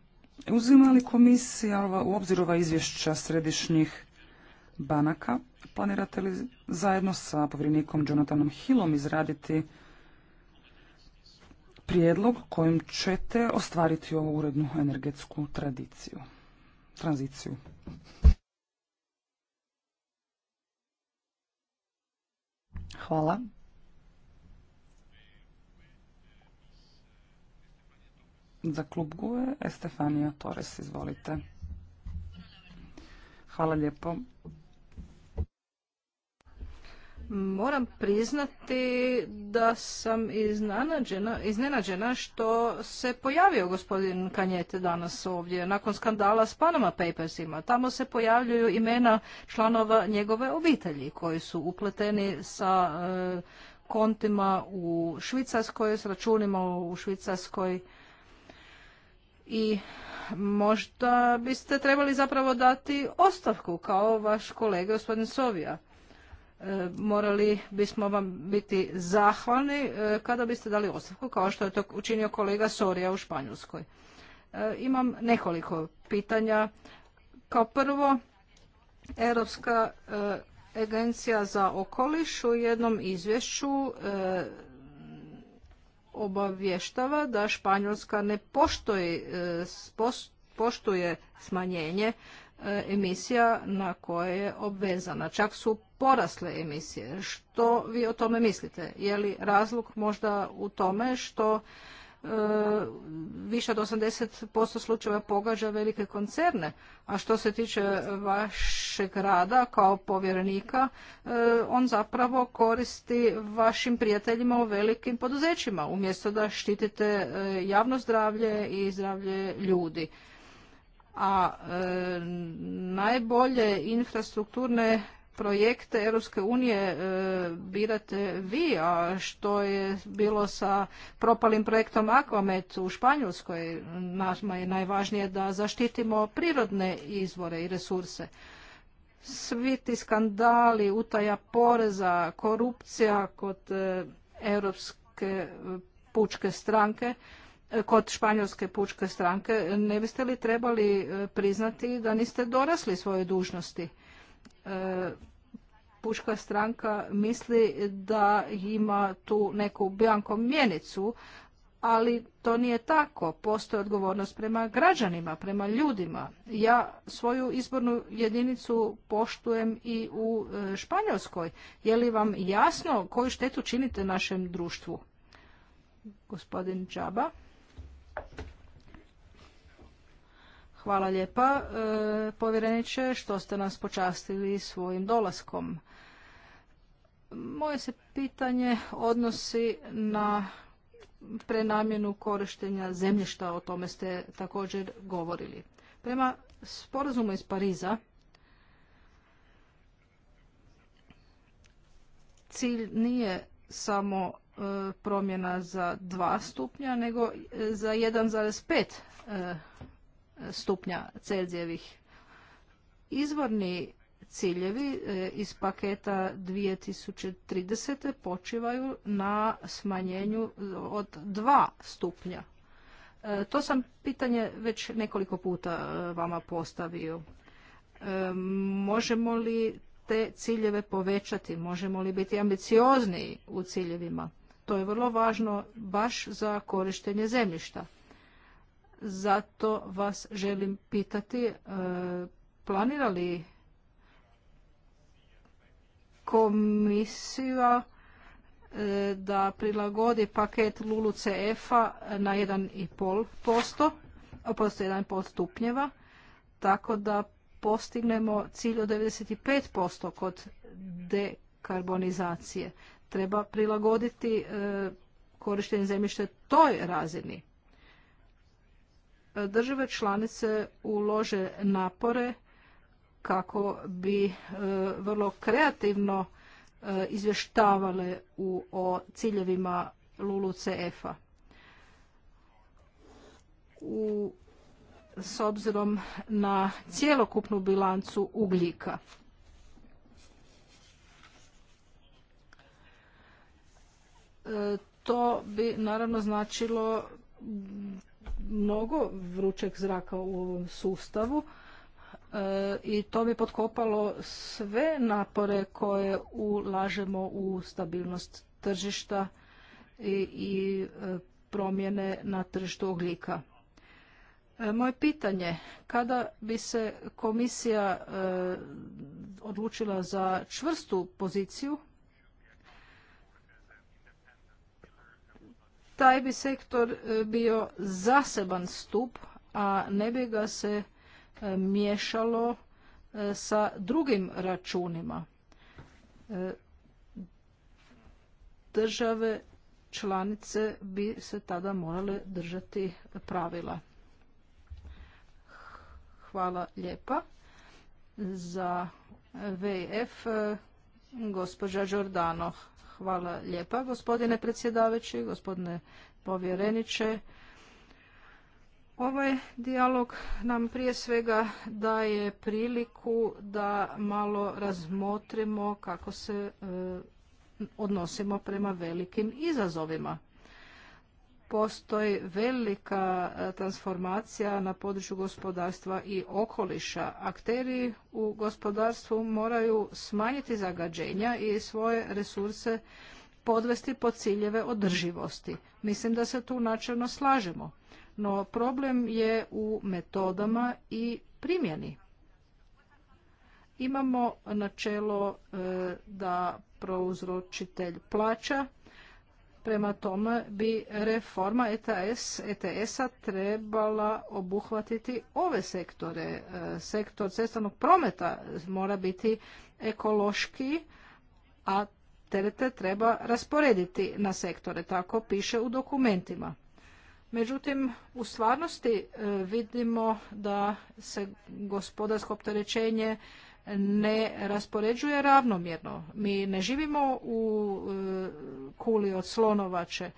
uzima li komisija u obzir ova izvješća središnjih banaka? Planirate li zajedno sa povjerenikom Jonathanom Hillom izraditi prijedlog kojim ćete ostvariti ovu urednu energetsku tradiciju, tranziciju? Hvala. Za klub GUE, Estefanija Torres, izvolite. Hvala lijepo. Moram priznati da sam iznenađena što se pojavio gospodin Kanjete danas ovdje nakon skandala s Panama Papersima. Tamo se pojavljuju imena članova njegove obitelji koji su upleteni sa e, kontima u Švicarskoj, s računima u Švicarskoj i možda biste trebali zapravo dati ostavku kao vaš kolega gospodin Sovija. E, morali bismo vam biti zahvalni e, kada biste dali ostavku kao što je to učinio kolega Sorija u Španjolskoj. E, imam nekoliko pitanja. Kao prvo, Europska agencija za okoliš u jednom izvješću obavještava da Španjolska ne e, poštuje smanjenje e, emisija na koje je obvezana. Čak su porasle emisije. Što vi o tome mislite? Je li razlog možda u tome što E, više od 80% slučajeva pogađa velike koncerne. A što se tiče vašeg rada kao povjerenika, e, on zapravo koristi vašim prijateljima u velikim poduzećima, umjesto da štitite e, javno zdravlje i zdravlje ljudi a e, najbolje infrastrukturne projekte Europske unije e, birate vi, a što je bilo sa propalim projektom Aquamet u Španjolskoj? Nama je najvažnije da zaštitimo prirodne izvore i resurse. Svi ti skandali, utaja poreza, korupcija kod e, Europske pučke stranke, e, kod španjolske pučke stranke, ne biste li trebali priznati da niste dorasli svoje dužnosti? E, puška stranka misli da ima tu neku bianko mjenicu, ali to nije tako. Postoji odgovornost prema građanima, prema ljudima. Ja svoju izbornu jedinicu poštujem i u e, Španjolskoj. Je li vam jasno koju štetu činite našem društvu? Gospodin Čaba. Hvala lijepa, e, povjereniče, što ste nas počastili svojim dolaskom. Moje se pitanje odnosi na prenamjenu korištenja zemljišta, o tome ste također govorili. Prema sporazumu iz Pariza, cilj nije samo e, promjena za 2 stupnja, nego za 1,5 stupnja Celzijevih. Izvorni ciljevi eh, iz paketa 2030. počivaju na smanjenju od dva stupnja. Eh, to sam pitanje već nekoliko puta eh, vama postavio. Možemo li te ciljeve povećati? Možemo li biti ambiciozniji u ciljevima? To je vrlo važno baš za korištenje zemljišta. Zato vas želim pitati, e, planira li komisija e, da prilagodi paket LULU-CF-a na 1,5%, posto 1,5 stupnjeva, tako da postignemo cilj od 95% kod dekarbonizacije. Treba prilagoditi e, korištenje zemljište toj razini države članice ulože napore kako bi e, vrlo kreativno e, izvještavale u, o ciljevima LULUCF-a. s obzirom na cjelokupnu bilancu ugljika. E, to bi naravno značilo mnogo vrućeg zraka u ovom sustavu e, i to bi potkopalo sve napore koje ulažemo u stabilnost tržišta i e, promjene na tržištu ugljika. E, moje pitanje, kada bi se komisija odlučila za čvrstu poziciju taj bi sektor e, bio zaseban stup, a ne bi ga se e, miješalo e, sa drugim računima. Države članice bi se tada morale držati pravila. Hvala lijepa za VF gospođa Giordano. Hvala lijepa, gospodine predsjedavajući, gospodine povjereniče. Ovaj dijalog nam prije svega daje priliku da malo razmotrimo kako se e, odnosimo prema velikim izazovima postoji velika e, transformacija na području gospodarstva i okoliša. Akteri u gospodarstvu moraju smanjiti zagađenja i svoje resurse podvesti pod ciljeve održivosti. Mislim da se tu načelno slažemo, no problem je u metodama i primjeni. Imamo načelo e, da prouzročitelj plaća, Prema tome bi reforma ETS, e a trebala obuhvatiti ove sektore. E, sektor cestovnog prometa mora biti ekološki, a terete treba rasporediti na sektore. Tako piše u dokumentima. Međutim, u stvarnosti e, vidimo da se gospodarsko opterećenje ne raspoređuje ravnomjerno. Mi ne živimo u e, kuli od slonovače.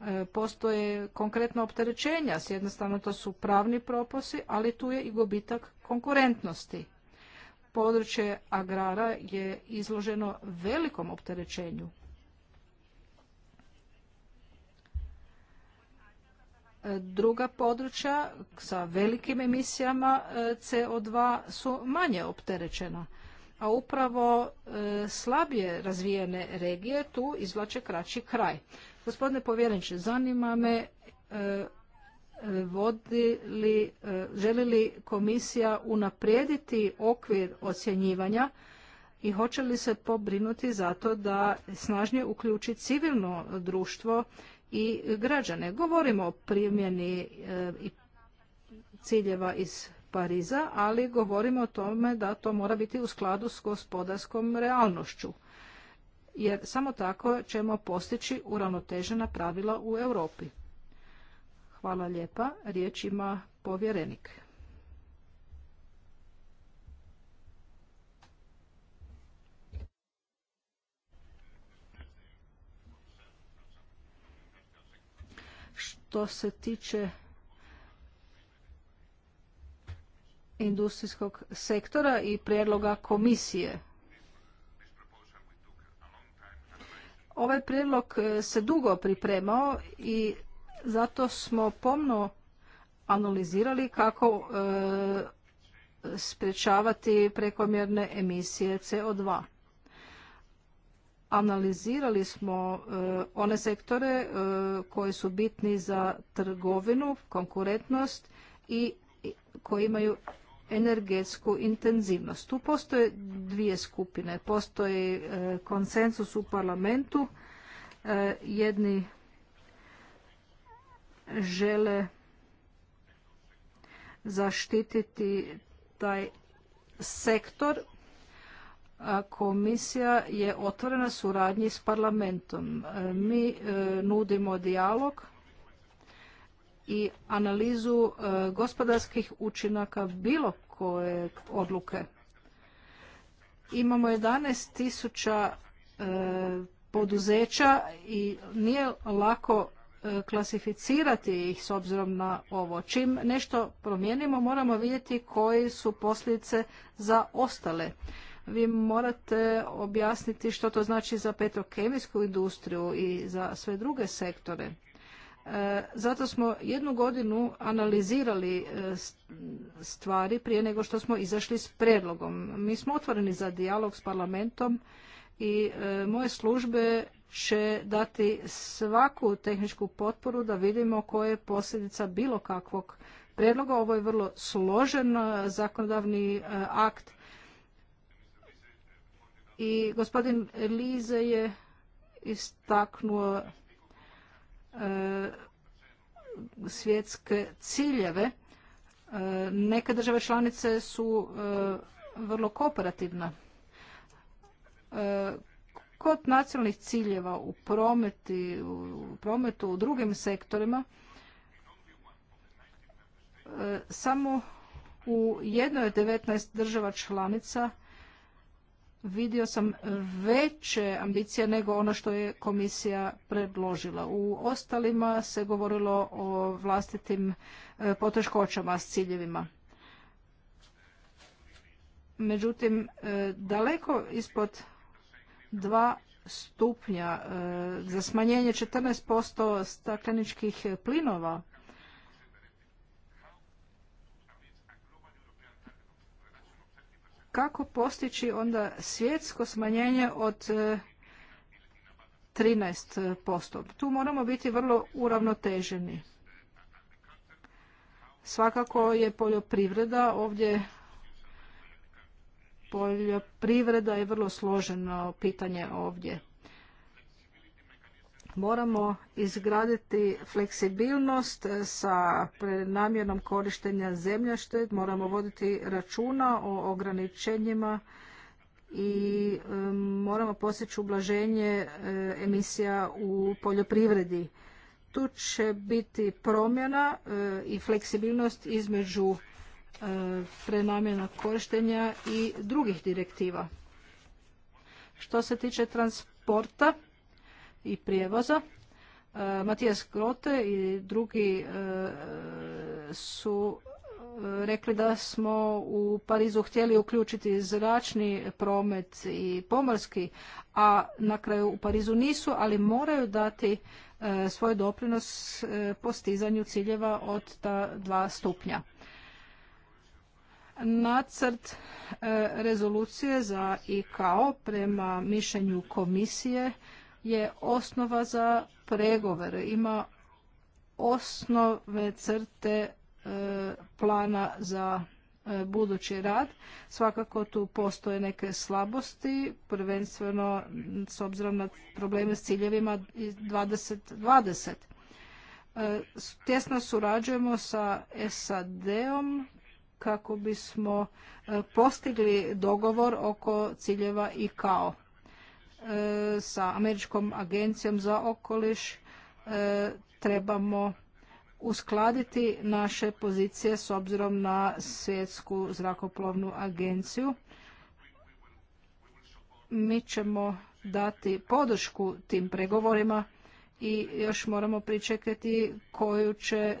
E, postoje konkretno opterećenja, s jednostavno to su pravni proposi, ali tu je i gubitak konkurentnosti. Područje agrara je izloženo velikom opterećenju druga područja sa velikim emisijama e, CO2 su manje opterećena. A upravo e, slabije razvijene regije tu izvlače kraći kraj. Gospodine povjerenče, zanima me e, želi li komisija unaprijediti okvir ocjenjivanja i hoće li se pobrinuti za to da snažnije uključi civilno društvo i građane. Govorimo o primjeni e, ciljeva iz Pariza, ali govorimo o tome da to mora biti u skladu s gospodarskom realnošću. Jer samo tako ćemo postići uravnotežena pravila u Europi. Hvala lijepa. Riječ ima povjerenik. što se tiče industrijskog sektora i prijedloga komisije. Ovaj prijedlog se dugo pripremao i zato smo pomno analizirali kako e, sprječavati prekomjerne emisije CO2 analizirali smo e, one sektore e, koji su bitni za trgovinu, konkurentnost i koji imaju energetsku intenzivnost. Tu postoje dvije skupine. Postoji e, konsensus u parlamentu. Jedni žele zaštititi taj sektor Komisija je otvorena suradnji s parlamentom. E, mi e, nudimo dijalog i analizu e, gospodarskih učinaka bilo koje odluke. Imamo 11 tisuća poduzeća i nije lako klasificirati ih s obzirom na ovo. Čim nešto promijenimo moramo vidjeti koji su posljedice za ostale vi morate objasniti što to znači za petrokemijsku industriju i za sve druge sektore. E, zato smo jednu godinu analizirali e, stvari prije nego što smo izašli s predlogom. Mi smo otvoreni za dijalog s parlamentom i e, moje službe će dati svaku tehničku potporu da vidimo koja je posljedica bilo kakvog predloga. Ovo je vrlo složen zakonodavni akt i gospodin Lize je istaknuo e, svjetske ciljeve. E, neke države članice su e, vrlo kooperativna. Kod nacionalnih ciljeva u, prometi, u prometu, u drugim sektorima, samo u jednoj od 19 država članica vidio sam veće ambicije nego ono što je komisija predložila. U ostalima se govorilo o vlastitim e, poteškoćama s ciljevima. Međutim, e, daleko ispod dva stupnja e, za smanjenje 14% stakleničkih plinova kako postići onda svjetsko smanjenje od 13%. E, tu moramo biti vrlo uravnoteženi. Svakako je poljoprivreda ovdje poljoprivreda je vrlo složeno pitanje ovdje. Moramo izgraditi fleksibilnost sa prenamjenom korištenja zemljašte, moramo voditi računa o ograničenjima i moramo postići ublaženje eh, emisija u poljoprivredi. Tu će biti promjena eh, i fleksibilnost između eh, prenamjena korištenja i drugih direktiva. Što se tiče transporta, i prijevoza. E, Matijas Grote i drugi e, su e, rekli da smo u Parizu htjeli uključiti zračni promet i pomorski, a na kraju u Parizu nisu, ali moraju dati svoj doprinos postizanju ciljeva od ta dva stupnja. Nacrt rezolucije za IKO prema mišljenju komisije je osnova za pregovore, ima osnove crte e, plana za e, budući rad. Svakako tu postoje neke slabosti, prvenstveno s obzirom na probleme s ciljevima 2020. E, tjesno surađujemo sa SAD-om kako bismo postigli dogovor oko ciljeva i kao. E, sa Američkom agencijom za okoliš e, trebamo uskladiti naše pozicije s obzirom na svjetsku zrakoplovnu agenciju. Mi ćemo dati podršku tim pregovorima i još moramo pričekati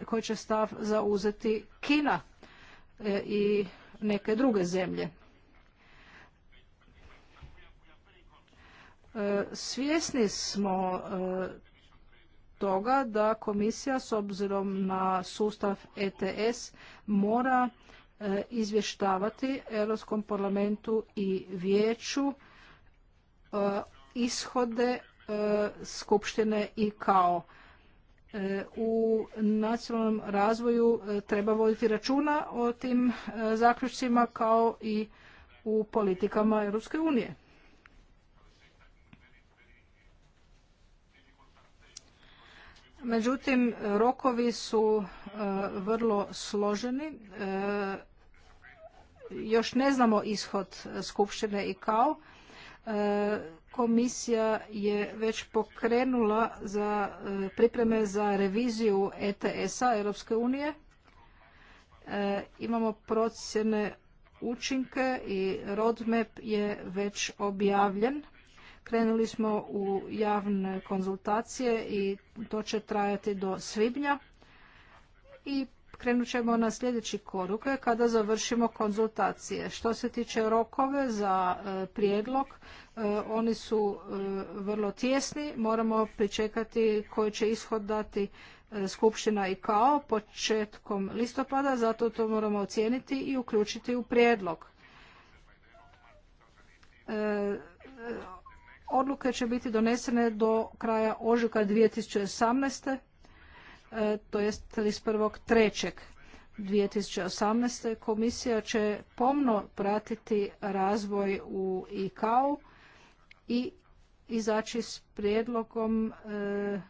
koji će stav zauzeti Kina e, i neke druge zemlje. E, svjesni smo e, toga da komisija s obzirom na sustav ETS mora e, izvještavati Europskom parlamentu i vijeću ishode skupštine i kao u nacionalnom razvoju treba voditi računa o tim zaključcima kao i u politikama Europske unije. Međutim, rokovi su e, vrlo složeni. E, još ne znamo ishod Skupštine i kao. E, komisija je već pokrenula za pripreme za reviziju ETS-a Europske unije. Imamo procjene učinke i roadmap je već objavljen. Krenuli smo u javne konzultacije i to će trajati do svibnja. I krenut ćemo na sljedeći koruk kada završimo konzultacije. Što se tiče rokove za e, prijedlog, e, oni su e, vrlo tjesni. Moramo pričekati koji će ishod dati Skupština i kao početkom listopada, zato to moramo ocijeniti i uključiti u prijedlog. Odluke će biti donesene do kraja ožujka 2018. E, to jest 31.3. 2018. Komisija će pomno pratiti razvoj u ICAO i izaći s prijedlogom e,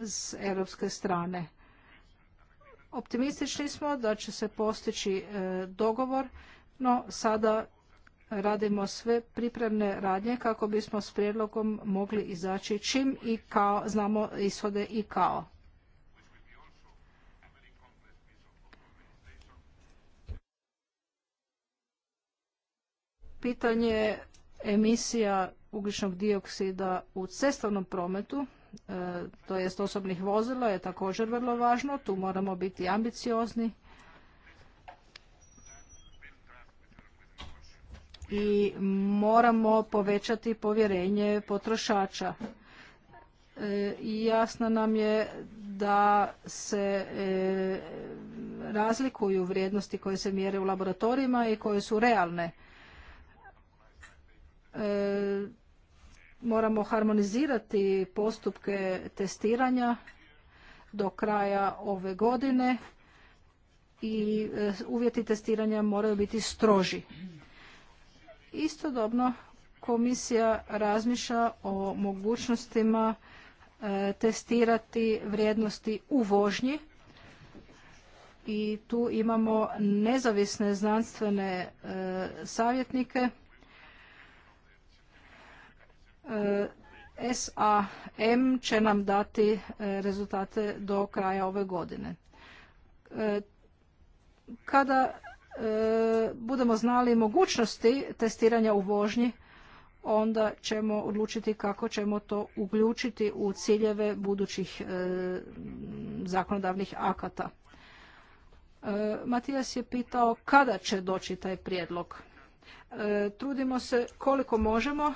s europske strane. Optimistični smo da će se postići e, dogovor, no sada radimo sve pripremne radnje kako bismo s prijedlogom mogli izaći čim i kao znamo ishode i kao. Pitanje emisija ugljičnog dioksida u cestovnom prometu, e, to jest osobnih vozila, je također vrlo važno. Tu moramo biti ambiciozni i moramo povećati povjerenje potrošača. E, I jasno nam je da se e, razlikuju vrijednosti koje se mjere u laboratorijima i koje su realne. E, moramo harmonizirati postupke testiranja do kraja ove godine i uvjeti testiranja moraju biti stroži. Istodobno komisija razmišlja o mogućnostima e, testirati vrijednosti u vožnji i tu imamo nezavisne znanstvene e, savjetnike e, SAM će nam dati rezultate do kraja ove godine. Kada E, budemo znali mogućnosti testiranja u vožnji, onda ćemo odlučiti kako ćemo to uključiti u ciljeve budućih e, zakonodavnih akata. E, Matijas je pitao kada će doći taj prijedlog. Trudimo se koliko možemo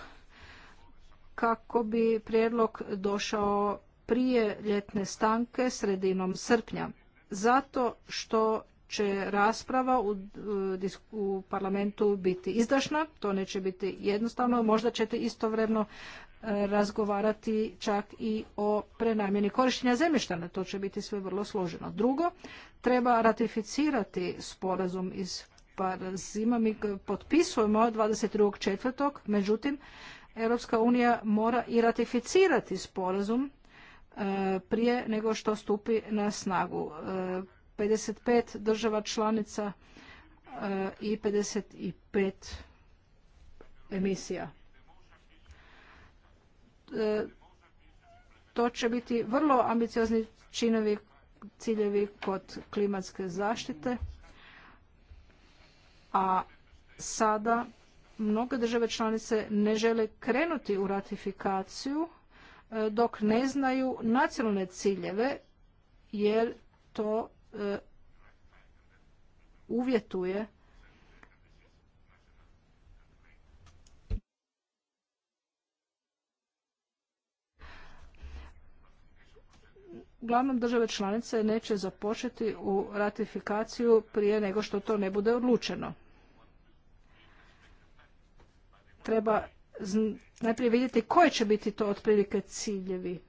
kako bi prijedlog došao prije ljetne stanke sredinom srpnja. Zato što će rasprava e, u, parlamentu biti izdašna, to neće biti jednostavno, možda ćete istovremeno e, razgovarati čak i o prenamjeni korištenja zemljišta, to će biti sve vrlo složeno. Drugo, treba ratificirati sporazum iz Parazima, mi potpisujemo četvrtog. međutim, Europska unija mora i ratificirati sporazum e, prije nego što stupi na snagu. 55 država članica e, i 55 emisija. E, to će biti vrlo ambiciozni činovi, ciljevi kod klimatske zaštite, a sada mnoge države članice ne žele krenuti u ratifikaciju e, dok ne znaju nacionalne ciljeve jer to E, uvjetuje uglavnom države članice neće započeti u ratifikaciju prije nego što to ne bude odlučeno. Treba najprije vidjeti koje će biti to otprilike ciljevi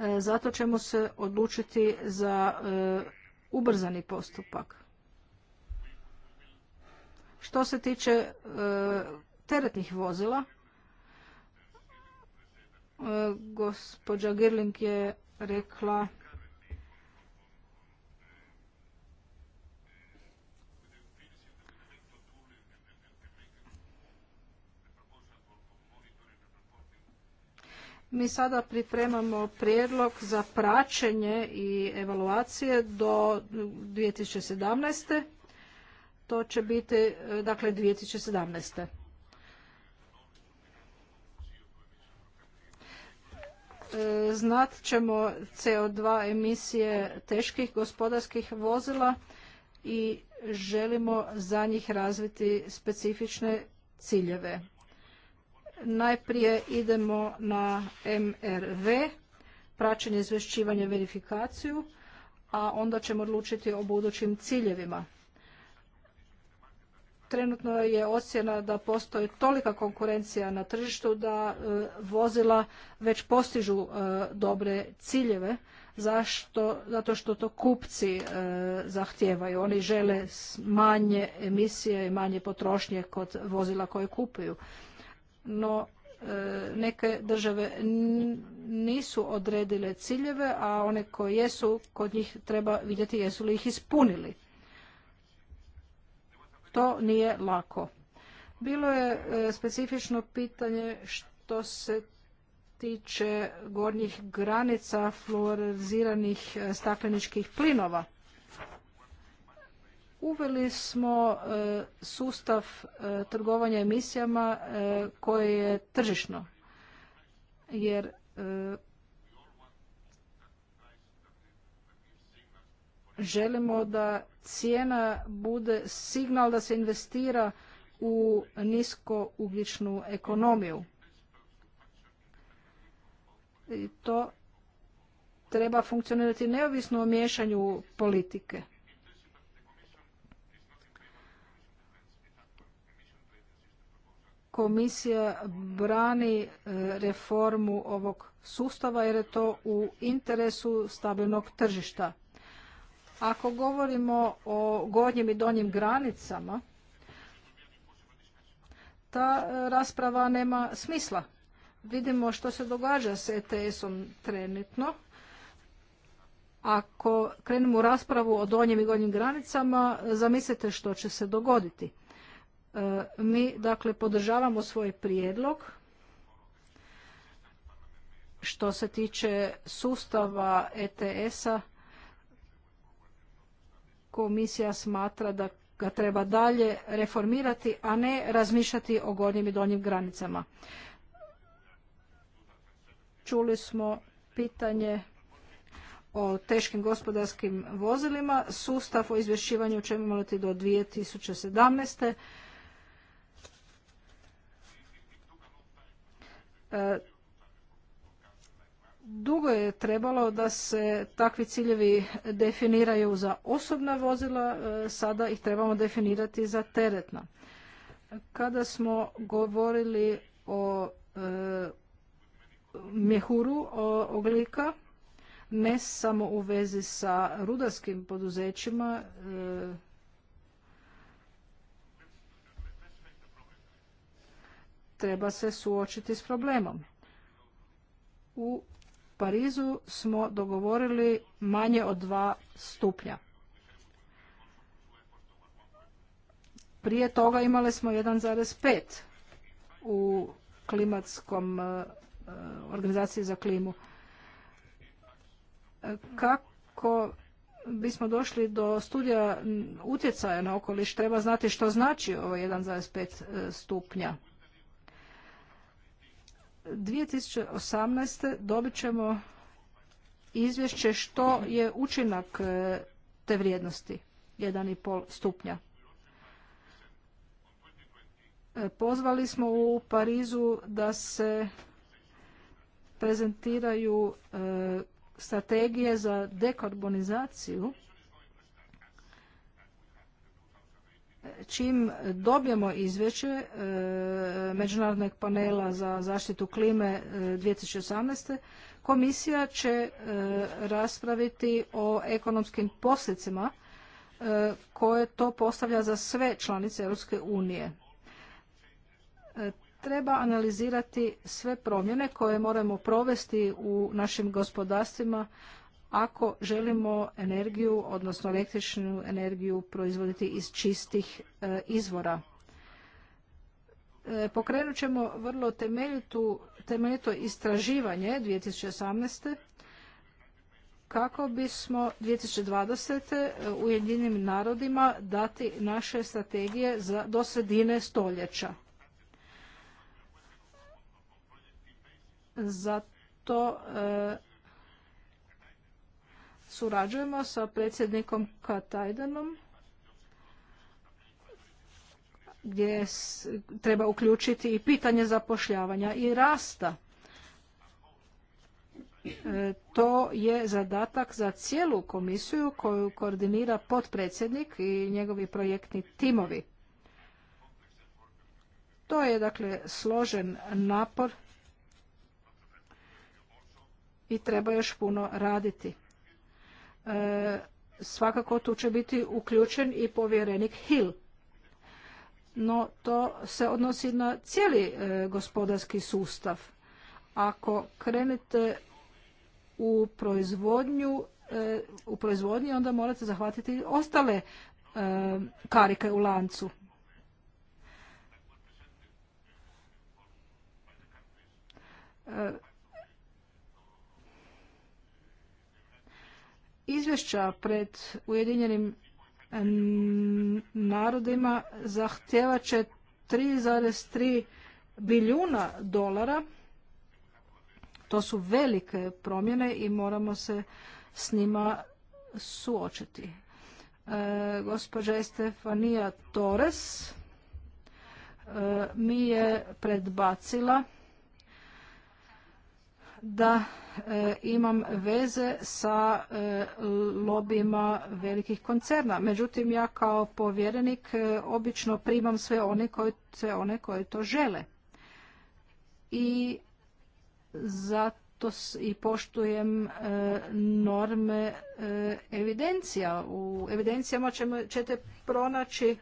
E, zato ćemo se odlučiti za e, ubrzani postupak. Što se tiče e, teretnih vozila, gospođa Girling je rekla Mi sada pripremamo prijedlog za praćenje i evaluacije do 2017. To će biti, e, dakle, 2017. E, znat ćemo CO2 emisije teških gospodarskih vozila i želimo za njih razviti specifične ciljeve. Najprije idemo na MRV, praćenje, izvješćivanje, verifikaciju, a onda ćemo odlučiti o budućim ciljevima. Trenutno je ocjena da postoji tolika konkurencija na tržištu da e, vozila već postižu e, dobre ciljeve. Zašto? Zato što to kupci e, zahtijevaju. Oni žele manje emisije i manje potrošnje kod vozila koje kupuju no e, neke države nisu odredile ciljeve, a one koje jesu, kod njih treba vidjeti jesu li ih ispunili. To nije lako. Bilo je e, specifično pitanje što se tiče gornjih granica fluoriziranih e, stakleničkih plinova. Uveli smo e, sustav e, trgovanja emisijama e, koje je tržišno, jer želimo da cijena bude signal da se investira u niskougljičnu ekonomiju. I to treba funkcionirati neovisno o miješanju politike. komisija brani e, reformu ovog sustava jer je to u interesu stabilnog tržišta. Ako govorimo o gornjim i donjim granicama, ta e, rasprava nema smisla. Vidimo što se događa s ETS-om trenutno. Ako krenemo u raspravu o donjim i gornjim granicama, zamislite što će se dogoditi. E, mi dakle podržavamo svoj prijedlog što se tiče sustava ETS-a komisija smatra da ga treba dalje reformirati, a ne razmišljati o gornjim i donjim granicama. Čuli smo pitanje o teškim gospodarskim vozilima, sustav o izvješćivanju ćemo imati do 2017. Dugo je trebalo da se takvi ciljevi definiraju za osobna vozila, e, sada ih trebamo definirati za teretna. Kada smo govorili o mehuru, mjehuru o, oglika, ne samo u vezi sa rudarskim poduzećima, e, treba se suočiti s problemom. U Parizu smo dogovorili manje od dva stupnja. Prije toga imali smo 1,5 u klimatskom e, e, organizaciji za klimu. Kako bismo došli do studija utjecaja na okoliš, treba znati što znači ovo 1,5 e, stupnja. 2018. dobit ćemo izvješće što je učinak e, te vrijednosti 1,5 stupnja. E, pozvali smo u Parizu da se prezentiraju e, strategije za dekarbonizaciju čim dobijemo izvješće e, Međunarodnog panela za zaštitu klime 2018. E, komisija će e, raspraviti o ekonomskim posljedicama koje to postavlja za sve članice Europske unije. Treba analizirati sve promjene koje moramo provesti u našim gospodarstvima ako želimo energiju, odnosno električnu energiju proizvoditi iz čistih e, izvora. E, pokrenut ćemo vrlo temeljito istraživanje 2018 kako bismo 2020. Ujedinjenim narodima dati naše strategije za, do sredine stoljeća. Zato e, surađujemo sa predsjednikom Katajdanom gdje treba uključiti i pitanje zapošljavanja i rasta. E, to je zadatak za cijelu komisiju koju koordinira potpredsjednik i njegovi projektni timovi. To je dakle složen napor i treba još puno raditi. E, svakako tu će biti uključen i povjerenik Hill. No to se odnosi na cijeli e, gospodarski sustav. Ako krenete u proizvodnju, e, u proizvodnji onda morate zahvatiti ostale karike u lancu. izvješća pred Ujedinjenim narodima zahtijevat će 3,3 biljuna dolara. To su velike promjene i moramo se s njima suočiti. E, gospođa Estefanija Torres e, mi je predbacila da e, imam veze sa e, lobijima velikih koncerna. Međutim, ja kao povjerenik e, obično primam sve one koji, sve one koje to žele. I zato i poštujem e, norme evidencija. U evidencijama ćemo, ćete pronaći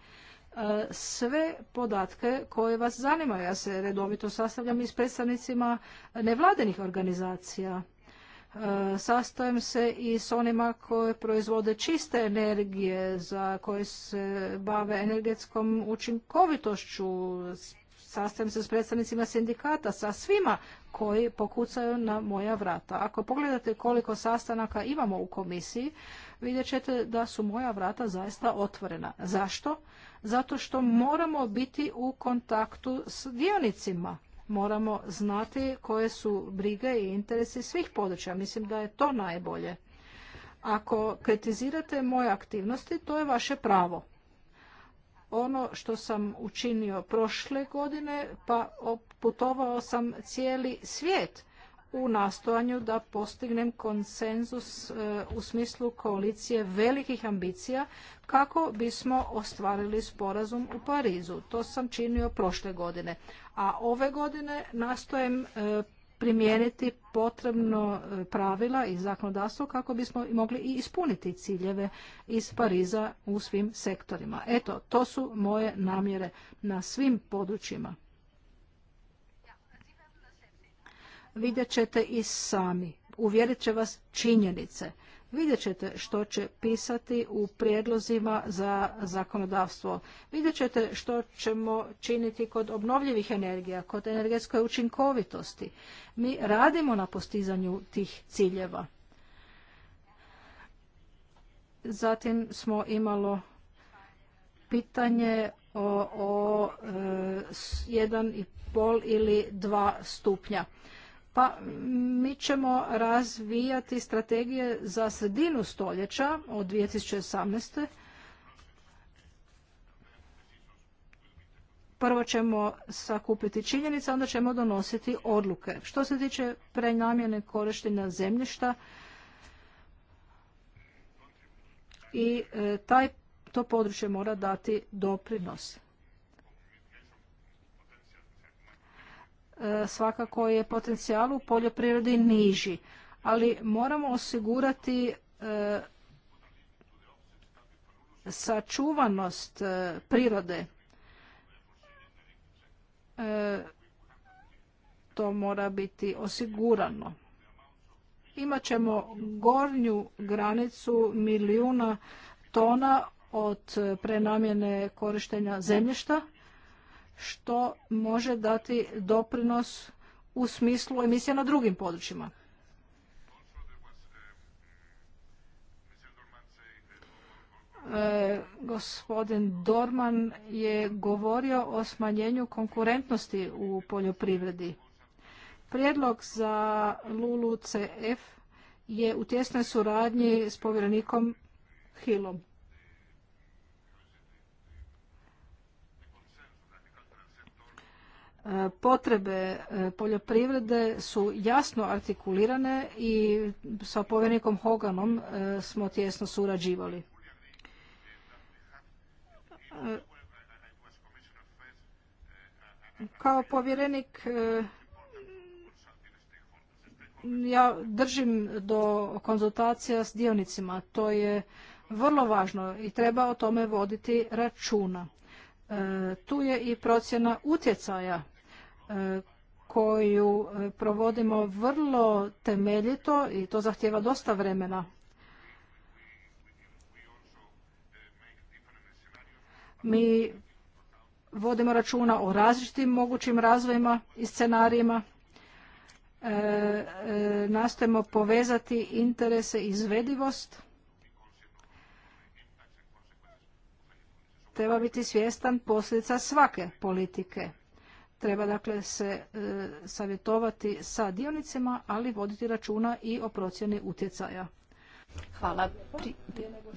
E, sve podatke koje vas zanimaju. Ja se redovito sastavljam i s predstavnicima nevladenih organizacija. E, sastajem se i s onima koje proizvode čiste energije, za koje se bave energetskom učinkovitošću. Sastajem se s predstavnicima sindikata, sa svima koji pokucaju na moja vrata. Ako pogledate koliko sastanaka imamo u komisiji, vidjet ćete da su moja vrata zaista otvorena. Zašto? zato što moramo biti u kontaktu s dionicima. Moramo znati koje su brige i interesi svih područja. Mislim da je to najbolje. Ako kritizirate moje aktivnosti, to je vaše pravo. Ono što sam učinio prošle godine, pa putovao sam cijeli svijet u nastojanju da postignem konsenzus e, u smislu koalicije velikih ambicija kako bismo ostvarili sporazum u Parizu. To sam činio prošle godine. A ove godine nastojem e, primijeniti potrebno e, pravila i zakonodavstvo kako bismo mogli i ispuniti ciljeve iz Pariza u svim sektorima. Eto, to su moje namjere na svim područjima. vidjet ćete i sami. Uvjerit će vas činjenice. Vidjet ćete što će pisati u prijedlozima za zakonodavstvo. Vidjet ćete što ćemo činiti kod obnovljivih energija, kod energetske učinkovitosti. Mi radimo na postizanju tih ciljeva. Zatim smo imalo pitanje o, o e, ili dva stupnja. Pa mi ćemo razvijati strategije za sredinu stoljeća od 2018. Prvo ćemo sakupiti činjenice, onda ćemo donositi odluke. Što se tiče prenamjene korištenja zemljišta i e, taj, to područje mora dati doprinos. svakako je potencijal u poljoprivredi niži, ali moramo osigurati e, sačuvanost e, prirode. E, to mora biti osigurano. Imat ćemo gornju granicu milijuna tona od prenamjene korištenja zemljišta što može dati doprinos u smislu emisija na drugim područjima. E, gospodin Dorman je govorio o smanjenju konkurentnosti u poljoprivredi. Prijedlog za LULU-CF je u tjesnoj suradnji s povjerenikom Hillom. potrebe eh, poljoprivrede su jasno artikulirane i sa povjerenikom Hoganom eh, smo tjesno surađivali. Eh, kao povjerenik ja držim do konzultacija s dionicima. To je vrlo važno i treba o tome voditi računa. Tu je i procjena utjecaja E, koju e, provodimo vrlo temeljito i to zahtjeva dosta vremena. Mi vodimo računa o različitim mogućim razvojima i scenarijima. E, nastojimo povezati interese i izvedivost. Treba biti svjestan posljedica svake politike. Treba dakle se e, savjetovati sa dionicima, ali voditi računa i o procjeni utjecaja. Hvala.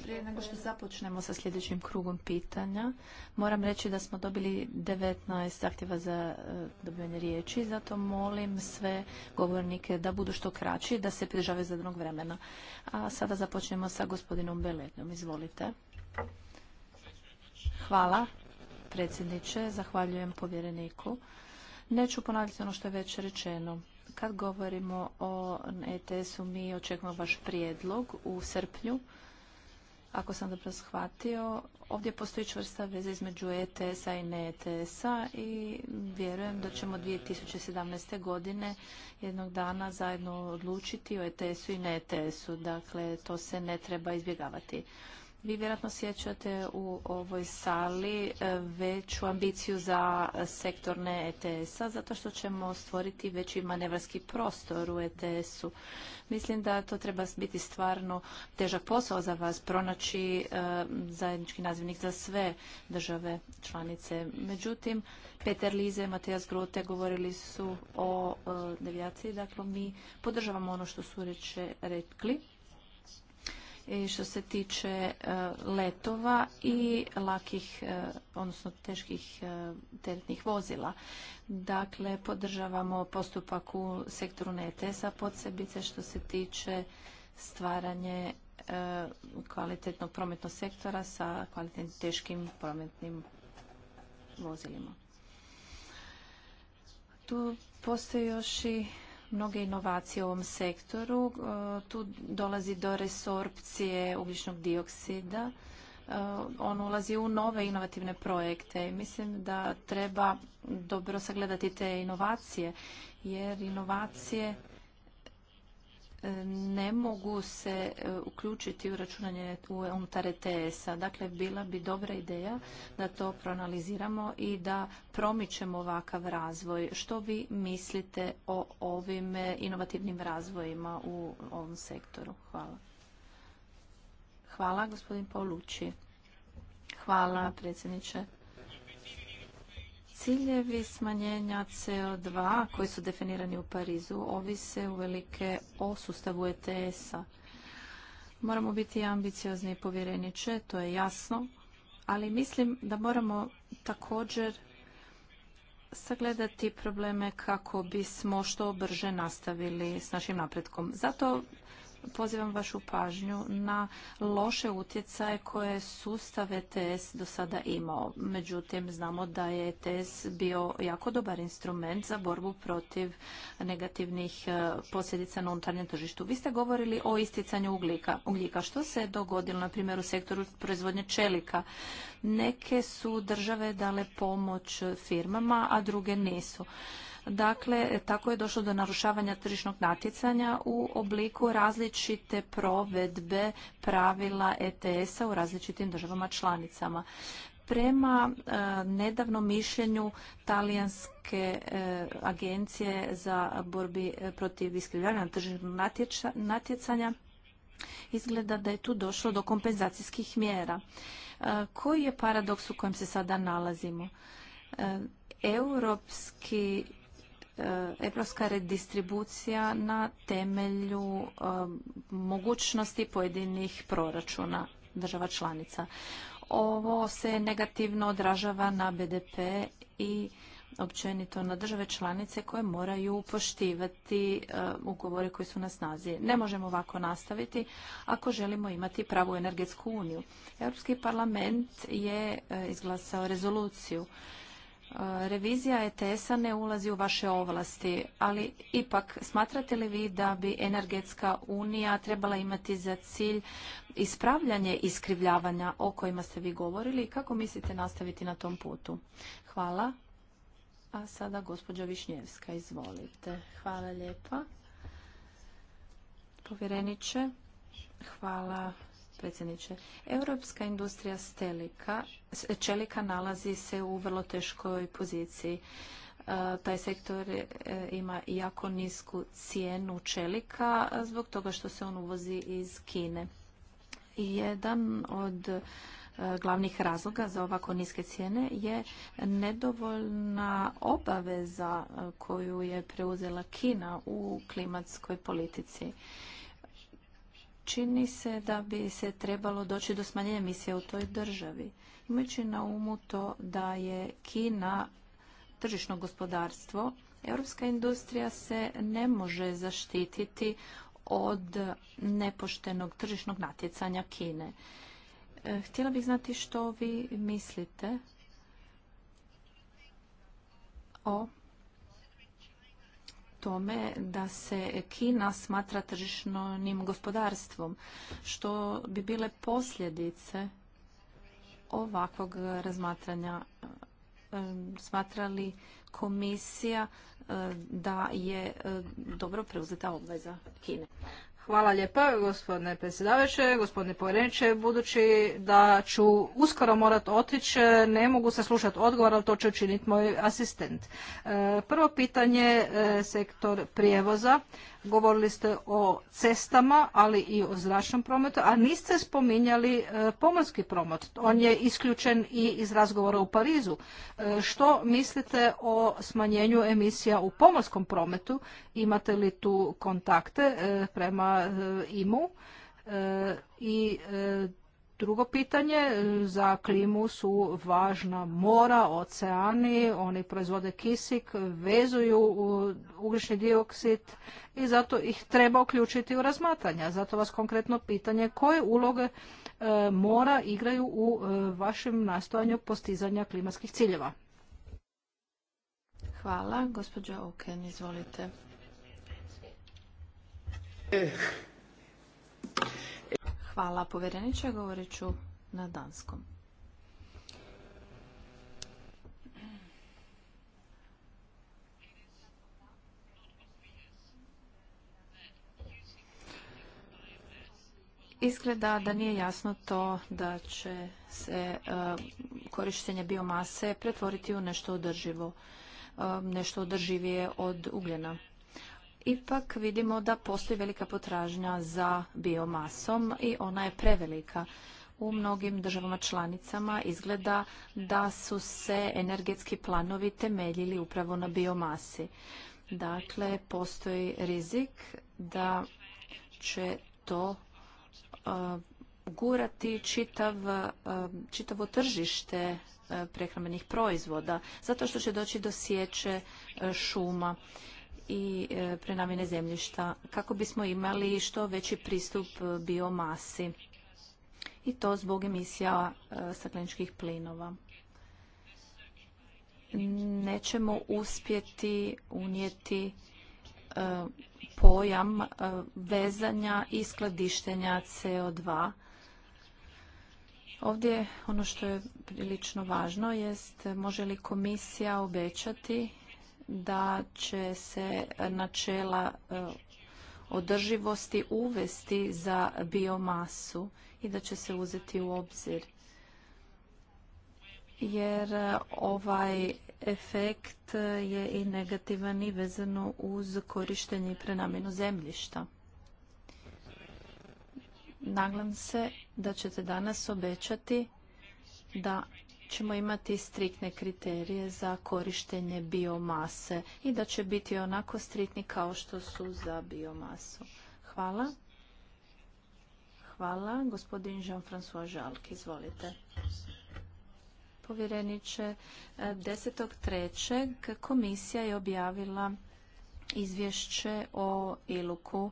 prije nego što započnemo sa sljedećim krugom pitanja, moram reći da smo dobili 19 zahtjeva za e, dobivanje riječi, zato molim sve govornike da budu što kraći, da se za zadnog vremena. A sada započnemo sa gospodinom Beletnom. Izvolite. Hvala predsjedniče. Zahvaljujem povjereniku. Neću ponavljati ono što je već rečeno. Kad govorimo o ETS-u, mi očekujemo vaš prijedlog u srpnju. Ako sam dobro shvatio, ovdje postoji čvrsta veza između ETS-a i ne ETS-a i vjerujem da ćemo 2017. godine jednog dana zajedno odlučiti o ETS-u i ne ETS-u. Dakle, to se ne treba izbjegavati. Vi vjerojatno sjećate u ovoj sali e, veću ambiciju za sektorne ETS-a, zato što ćemo stvoriti veći manevarski prostor u ETS-u. Mislim da to treba biti stvarno težak posao za vas, pronaći e, zajednički nazivnik za sve države članice. Međutim, Peter Lize i Matejas Grote govorili su o e, devijaciji, dakle mi podržavamo ono što su reče, rekli E, što se tiče e, letova i lakih, e, odnosno teških teretnih vozila. Dakle, podržavamo postupak u sektoru netes a podsebice što se tiče stvaranje kvalitetnog prometnog sektora sa kvalitetnim teškim prometnim vozilima. Tu postoji još i mnoge inovacije u ovom sektoru. E, tu dolazi do resorpcije ugljičnog dioksida. E, on ulazi u nove inovativne projekte i mislim da treba dobro sagledati te inovacije jer inovacije ne mogu se e, uključiti u računanje unutar ETS-a. Dakle, bila bi dobra ideja da to proanaliziramo i da promičemo ovakav razvoj. Što vi mislite o ovim e, inovativnim razvojima u ovom sektoru? Hvala. Hvala, gospodin Paulucci. Hvala, predsjedniče. Ciljevi smanjenja CO2 koji su definirani u Parizu ovise uvelike o sustavu ETS-a. Moramo biti ambiciozni povjereniče, to je jasno, ali mislim da moramo također sagledati probleme kako bismo što brže nastavili s našim napretkom. Zato pozivam vašu pažnju na loše utjecaje koje sustav ETS do sada imao. Međutim, znamo da je ETS bio jako dobar instrument za borbu protiv negativnih e, posljedica na unutarnjem tržištu. Vi ste govorili o isticanju ugljika. ugljika. Što se dogodilo, na primjer, u sektoru proizvodnje čelika? Neke su države dale pomoć firmama, a druge nisu. Dakle, tako je došlo do narušavanja tržišnog natjecanja u obliku različite provedbe pravila ETS-a u različitim državama članicama. Prema e, nedavnom mišljenju talijanske e, agencije za borbi e, protiv iskrivljavanja tržišnog natjecanja izgleda da je tu došlo do kompenzacijskih mjera. Koji je paradoks u kojem se sada nalazimo? Europski E, evropska redistribucija na temelju e, mogućnosti pojedinih proračuna država članica. Ovo se negativno odražava na BDP i općenito na države članice koje moraju poštivati e, ugovore koji su na snazi. Ne možemo ovako nastaviti ako želimo imati pravu energetsku uniju. Europski parlament je izglasao rezoluciju Revizija ETS-a ne ulazi u vaše ovlasti, ali ipak smatrate li vi da bi energetska unija trebala imati za cilj ispravljanje iskrivljavanja o kojima ste vi govorili i kako mislite nastaviti na tom putu? Hvala. A sada gospođa Višnjevska, izvolite. Hvala lijepa. Povjereniče, hvala predsjedniče. Europska industrija stelika, čelika nalazi se u vrlo teškoj poziciji. E, taj sektor e, ima jako nisku cijenu čelika zbog toga što se on uvozi iz Kine. Jedan od e, glavnih razloga za ovako niske cijene je nedovoljna obaveza koju je preuzela Kina u klimatskoj politici čini se da bi se trebalo doći do smanjenja emisije u toj državi. Imajući na umu to da je Kina tržišno gospodarstvo, europska industrija se ne može zaštititi od nepoštenog tržišnog natjecanja Kine. E, htjela bih znati što vi mislite o tome da se Kina smatra tržišnim gospodarstvom, što bi bile posljedice ovakvog razmatranja. Smatrali komisija e, da je e, dobro preuzeta obveza Kine. Hvala lijepa gospodine predsjedavajuće, gospodine povjereniče. Budući da ću uskoro morat otići, ne mogu se slušati odgovor, ali to će učiniti moj asistent. E, prvo pitanje, e, sektor prijevoza govorili ste o cestama, ali i o zračnom prometu, a niste spominjali e, pomorski promet. On je isključen i iz razgovora u Parizu. E, što mislite o smanjenju emisija u pomorskom prometu? Imate li tu kontakte e, prema IMU? I Drugo pitanje, e, za klimu su važna mora, oceani, oni proizvode kisik, vezuju ugljični dioksid i zato ih treba uključiti u razmatranja. Zato vas konkretno pitanje koje uloge e, mora igraju u e, vašem nastojanju postizanja klimatskih ciljeva? Hvala. Gospođa Oken, izvolite. Eh, Hvala povjereniče, govorit ću na danskom. Izgleda da nije jasno to da će se e, korištenje biomase pretvoriti u nešto održivo, e, nešto održivije od ugljena ipak vidimo da postoji velika potražnja za biomasom i ona je prevelika. U mnogim državama članicama izgleda da su se energetski planovi temeljili upravo na biomasi. Dakle, postoji rizik da će to e, gurati čitav, e, čitavo tržište e, prehrambenih proizvoda, zato što će doći do sječe šuma i e, prenamjene zemljišta kako bismo imali što veći pristup e, biomasi i to zbog emisija e, stakleničkih plinova. Nećemo uspjeti unijeti pojam vezanja i skladištenja CO2 Ovdje ono što je prilično važno jest može li komisija obećati da će se načela e, održivosti uvesti za biomasu i da će se uzeti u obzir. Jer e, ovaj efekt je i negativan i vezano uz korištenje i prenamjenu zemljišta. Naglam se da ćete danas obećati da ćemo imati striktne kriterije za korištenje biomase i da će biti onako striktni kao što su za biomasu. Hvala. Hvala. Gospodin Jean-François Žalk, izvolite. Povjereniče, 10.3. komisija je objavila izvješće o iluku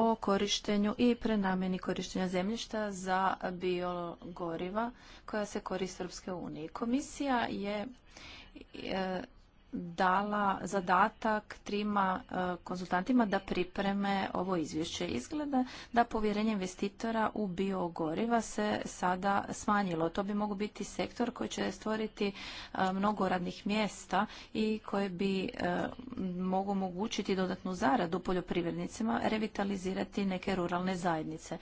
o korištenju i prenamjeni korištenja zemljišta za biogoriva koja se koriste Srpske unije. Komisija je e, dala zadatak trima e, konzultantima da pripreme ovo izvješće. Izgleda da povjerenje investitora u biogoriva se sada smanjilo. To bi mogu biti sektor koji će stvoriti e, mnogo radnih mjesta i koje bi e, mogu omogućiti dodatnu zaradu poljoprivrednicima, revitalizirati neke ruralne zajednice.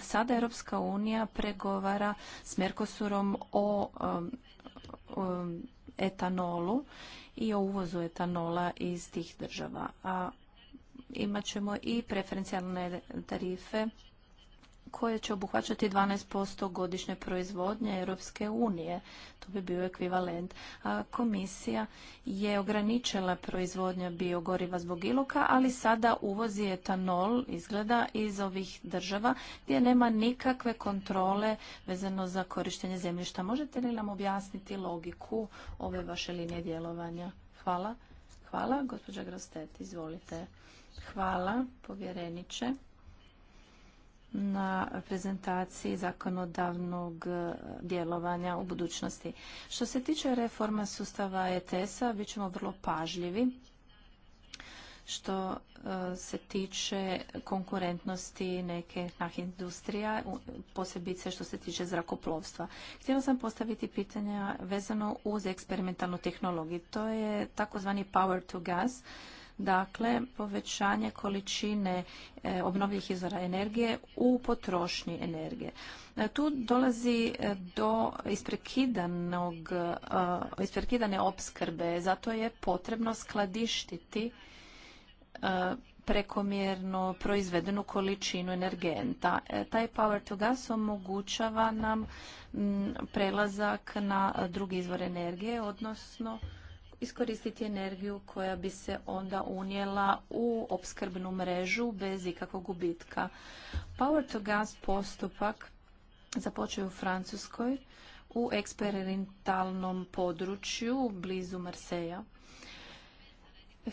Sada Europska unija pregovara s Merkosurom o etanolu i o uvozu etanola iz tih država. A imat ćemo i preferencijalne tarife koje će obuhvaćati 12% godišnje proizvodnje Europske unije. To bi bio ekvivalent. komisija je ograničila proizvodnja biogoriva zbog iluka, ali sada uvozi etanol, izgleda, iz ovih država gdje nema nikakve kontrole vezano za korištenje zemljišta. Možete li nam objasniti logiku ove vaše linije djelovanja? Hvala. Hvala. Gospođa Grostet, izvolite. Hvala, povjereniče na prezentaciji zakonodavnog e, djelovanja u budućnosti. Što se tiče reforma sustava ETS-a, bit ćemo vrlo pažljivi što e, se tiče konkurentnosti neke nah industrija, posebice što se tiče zrakoplovstva. Htjela sam postaviti pitanja vezano uz eksperimentalnu tehnologiju. To je takozvani power to gas, Dakle, povećanje količine e, obnovljivih izvora energije u potrošnji energije. E, tu dolazi e, do isprekidane opskrbe, zato je potrebno skladištiti prekomjerno proizvedenu količinu energenta. Taj power to gas omogućava nam prelazak na drugi izvor energije, odnosno iskoristiti energiju koja bi se onda unijela u opskrbnu mrežu bez ikakvog gubitka. Power to gas postupak započeo u Francuskoj u eksperimentalnom području blizu Marseja.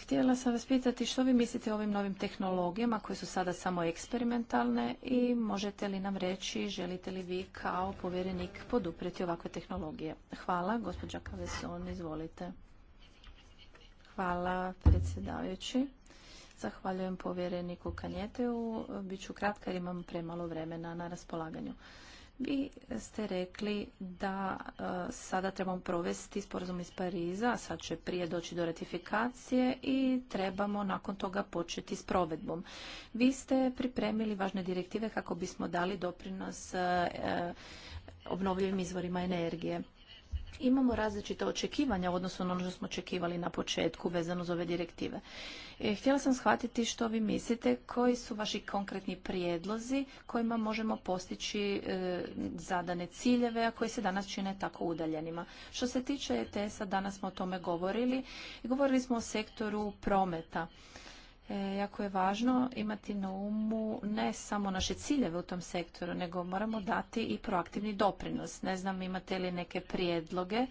Htjela sam vas pitati što vi mislite o ovim novim tehnologijama koje su sada samo eksperimentalne i možete li nam reći želite li vi kao povjerenik poduprijeti ovakve tehnologije? Hvala, gospođa Kaveson, izvolite. Hvala predsjedavajući. Zahvaljujem povjereniku Kanjeteu. Biću kratka jer imam premalo vremena na raspolaganju. Vi ste rekli da e, sada trebamo provesti sporazum iz Pariza, sad će prije doći do ratifikacije i trebamo nakon toga početi s provedbom. Vi ste pripremili važne direktive kako bismo dali doprinos e, e, obnovljivim izvorima energije. Imamo različita očekivanja u odnosu na ono što smo očekivali na početku vezano za ove direktive. E, htjela sam shvatiti što vi mislite, koji su vaši konkretni prijedlozi kojima možemo postići e, zadane ciljeve, a koji se danas čine tako udaljenima. Što se tiče ETS-a, danas smo o tome govorili. i Govorili smo o sektoru prometa. E, jako je važno imati na umu ne samo naše ciljeve u tom sektoru, nego moramo dati i proaktivni doprinos. Ne znam imate li neke prijedloge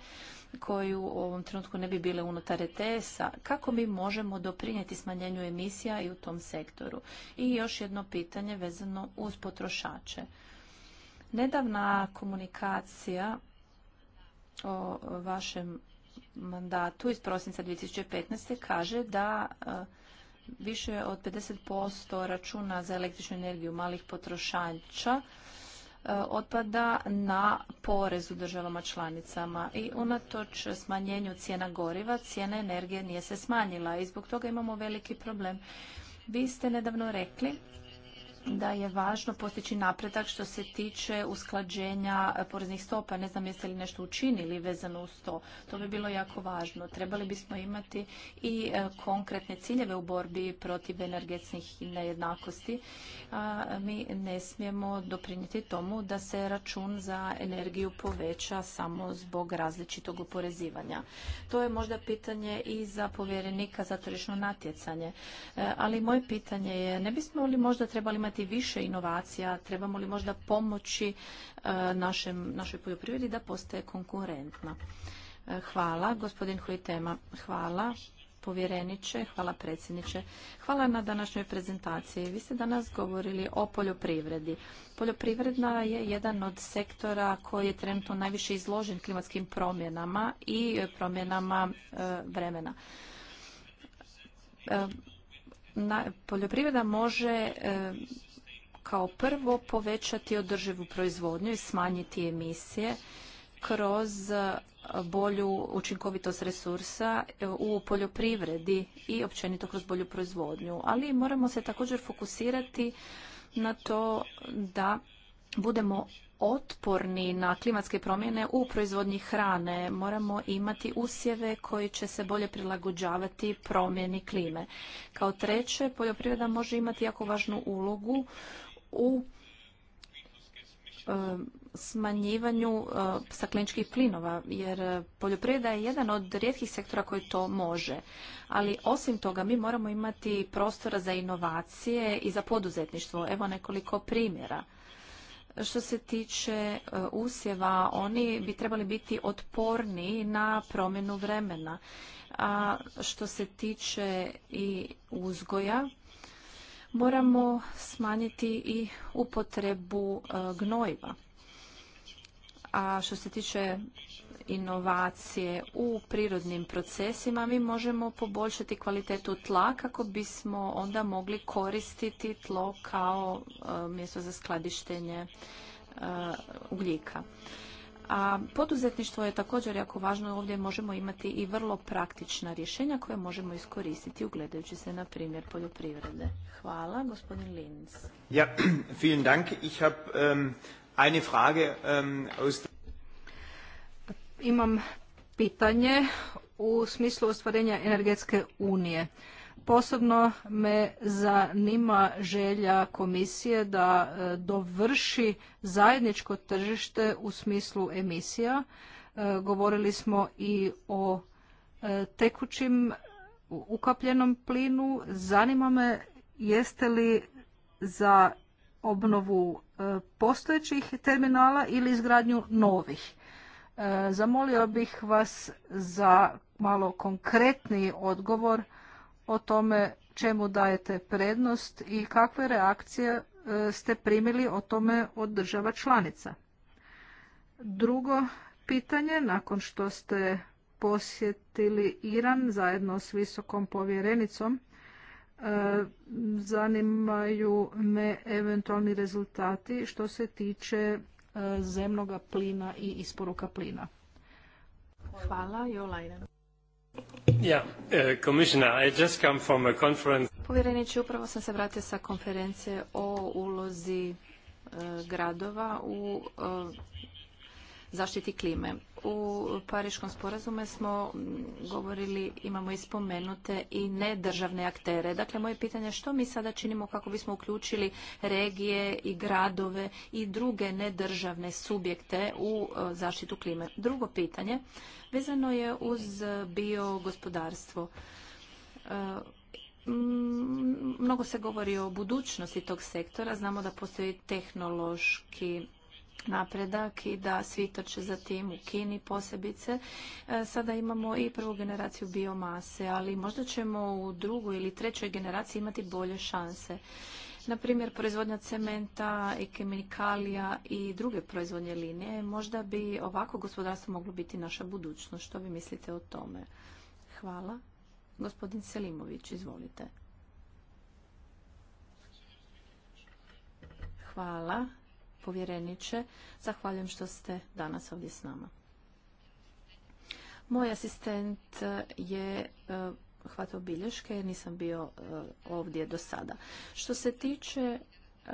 koji u ovom trenutku ne bi bile unutar ETS-a. Kako mi možemo doprinijeti smanjenju emisija i u tom sektoru? I još jedno pitanje vezano uz potrošače. Nedavna komunikacija o vašem mandatu iz prosinca 2015. kaže da e, više od 50% računa za električnu energiju malih potrošača e, otpada na porez u državama članicama i unatoč smanjenju cijena goriva cijena energije nije se smanjila i zbog toga imamo veliki problem. Vi ste nedavno rekli da je važno postići napredak što se tiče usklađenja poreznih stopa. Ne znam jeste li nešto učinili vezano uz to. To bi bilo jako važno. Trebali bismo imati i e, konkretne ciljeve u borbi protiv energetskih nejednakosti. mi ne smijemo doprinijeti tomu da se račun za energiju poveća samo zbog različitog oporezivanja. To je možda pitanje i za povjerenika za tržišno natjecanje. E, ali moje pitanje je, ne bismo li možda trebali imati više inovacija? Trebamo li možda pomoći e, našem, našoj poljoprivredi da postaje konkurentna? E, hvala, gospodin Huitema. Hvala povjereniče, hvala predsjedniče. Hvala na današnjoj prezentaciji. Vi ste danas govorili o poljoprivredi. Poljoprivredna je jedan od sektora koji je trenutno najviše izložen klimatskim promjenama i promjenama e, vremena. Poljoprivreda može kao prvo povećati održivu proizvodnju i smanjiti emisije kroz e, bolju učinkovitost resursa e, u poljoprivredi i općenito kroz bolju proizvodnju. Ali moramo se također fokusirati na to da budemo otporni na klimatske promjene u proizvodnji hrane. Moramo imati usjeve koji će se bolje prilagođavati promjeni klime. Kao treće, poljoprivreda može imati jako važnu ulogu u um, smanjivanju uh, stakleničkih plinova, jer uh, poljoprivreda je jedan od rijetkih sektora koji to može. Ali osim toga mi moramo imati prostora za inovacije i za poduzetništvo. Evo nekoliko primjera. Što se tiče uh, usjeva, oni bi trebali biti otporni na promjenu vremena. A što se tiče i uzgoja, moramo smanjiti i upotrebu e, gnojiva. A što se tiče inovacije u prirodnim procesima, mi možemo poboljšati kvalitetu tla kako bismo onda mogli koristiti tlo kao e, mjesto za skladištenje e, ugljika. A poduzetništvo je također jako važno. Ovdje možemo imati i vrlo praktična rješenja koje možemo iskoristiti ugledajući se na primjer poljoprivrede. Hvala, gospodin Linz. Ja, vielen dank. Ich ähm, eine frage, ähm, aus... Imam pitanje u smislu ostvarenja energetske unije. Posebno me zanima želja komisije da e, dovrši zajedničko tržište u smislu emisija. E, govorili smo i o e, tekućim ukapljenom plinu. Zanima me jeste li za obnovu postojećih terminala ili izgradnju novih. Zamolio bih vas za malo konkretniji odgovor o tome čemu dajete prednost i kakve reakcije e, ste primili o tome od država članica. Drugo pitanje, nakon što ste posjetili Iran zajedno s visokom povjerenicom, e, zanimaju me eventualni rezultati što se tiče e, zemnoga plina i isporuka plina. Hvala, Jolajna. Uh, Povjereniče, upravo sam se vratio sa konferencije o ulozi uh, gradova u uh, zaštiti klime. U Pariškom sporazume smo govorili, imamo ispomenute spomenute i nedržavne aktere. Dakle, moje pitanje je što mi sada činimo kako bismo uključili regije i gradove i druge nedržavne subjekte u e, zaštitu klime. Drugo pitanje vezano je uz biogospodarstvo e, mnogo se govori o budućnosti tog sektora. Znamo da postoji tehnološki napredak i da svi će za tim u Kini posebice. E, sada imamo i prvu generaciju biomase, ali možda ćemo u drugoj ili trećoj generaciji imati bolje šanse. Na primjer, proizvodnja cementa i kemikalija i druge proizvodnje linije. Možda bi ovako gospodarstvo moglo biti naša budućnost. Što vi mislite o tome? Hvala. Gospodin Selimović, izvolite. Hvala povjereniče. Zahvaljujem što ste danas ovdje s nama. Moj asistent je e, hvatao bilješke nisam bio e, ovdje do sada. Što se tiče e,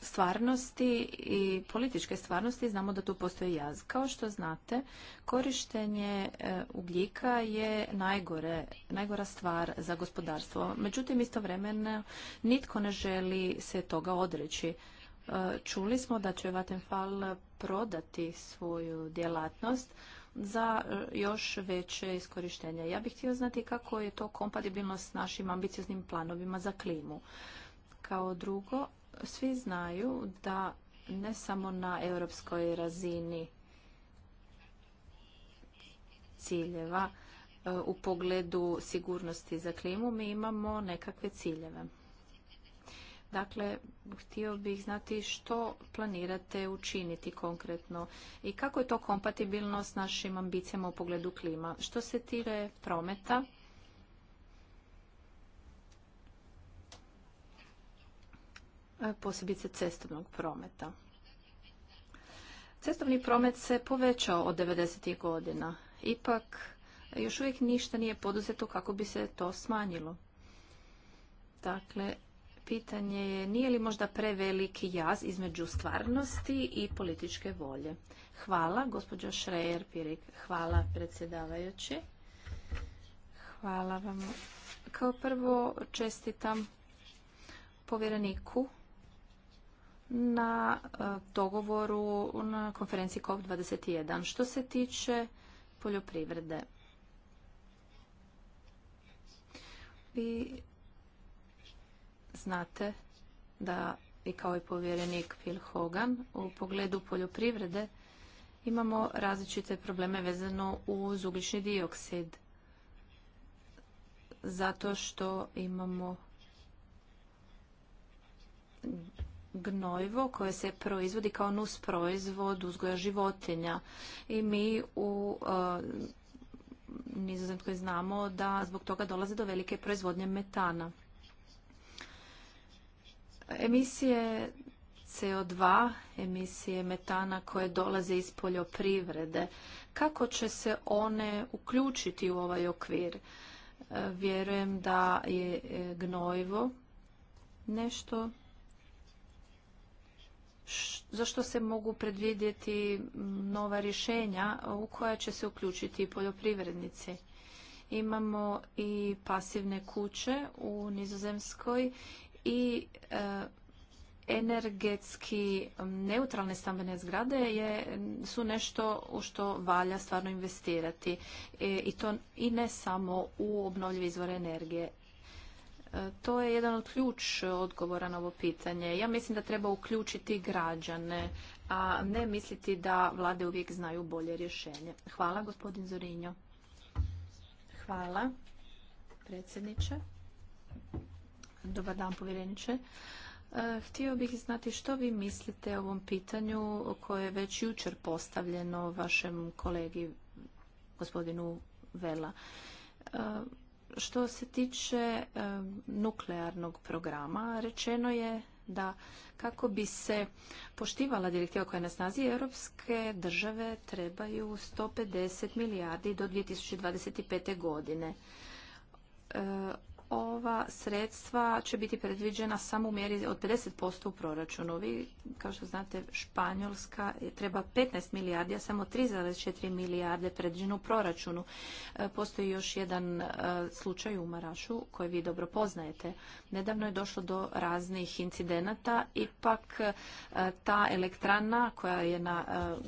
stvarnosti i političke stvarnosti znamo da tu postoji jaz. Kao što znate, korištenje ugljika je najgore, najgora stvar za gospodarstvo. Međutim, istovremeno nitko ne želi se toga odreći. Čuli smo da će Vattenfall prodati svoju djelatnost za još veće iskorištenje. Ja bih htio znati kako je to kompatibilno s našim ambicioznim planovima za klimu. Kao drugo, svi znaju da ne samo na europskoj razini ciljeva e, u pogledu sigurnosti za klimu mi imamo nekakve ciljeve. Dakle, htio bih znati što planirate učiniti konkretno i kako je to kompatibilno s našim ambicijama u pogledu klima. Što se tiče prometa, posebice cestovnog prometa. Cestovni promet se povećao od 90. godina. Ipak, još uvijek ništa nije poduzeto kako bi se to smanjilo. Dakle, pitanje je nije li možda preveliki jaz između stvarnosti i političke volje. Hvala, gospođo Šrejer-Pirik. Hvala, predsjedavajući. Hvala vam. Kao prvo čestitam povjereniku na e, dogovoru na konferenciji COP21. Što se tiče poljoprivrede, I znate da i kao i povjerenik Phil Hogan u pogledu poljoprivrede imamo različite probleme vezano uz ugljični dioksid zato što imamo gnojivo koje se proizvodi kao nus proizvod uzgoja životinja i mi u e, nizozemskoj znamo da zbog toga dolazi do velike proizvodnje metana Emisije CO2, emisije metana koje dolaze iz poljoprivrede, kako će se one uključiti u ovaj okvir? E, vjerujem da je e, gnojivo nešto Zašto se mogu predvidjeti nova rješenja u koja će se uključiti i poljoprivrednici. Imamo i pasivne kuće u Nizozemskoj i e, energetski neutralne stambene zgrade je, su nešto u što valja stvarno investirati e, i to i ne samo u obnovljive izvore energije. E, to je jedan od ključ odgovora na ovo pitanje. Ja mislim da treba uključiti građane, a ne misliti da vlade uvijek znaju bolje rješenje. Hvala, gospodin Zorinjo. Hvala, predsjedniče. Dobar dan, povjereniče. E, htio bih znati što vi mislite o ovom pitanju koje je već jučer postavljeno vašem kolegi, gospodinu Vela. E, što se tiče e, nuklearnog programa, rečeno je da kako bi se poštivala direktiva koja je na snazi, europske države trebaju 150 milijardi do 2025. godine ova sredstva će biti predviđena samo u mjeri od 50% u proračunu. Vi, kao što znate, Španjolska treba 15 milijardi, a samo 3,4 milijarde predviđeno u proračunu. E, postoji još jedan e, slučaj u Marašu koji vi dobro poznajete. Nedavno je došlo do raznih incidenata. Ipak e, ta elektrana koja je na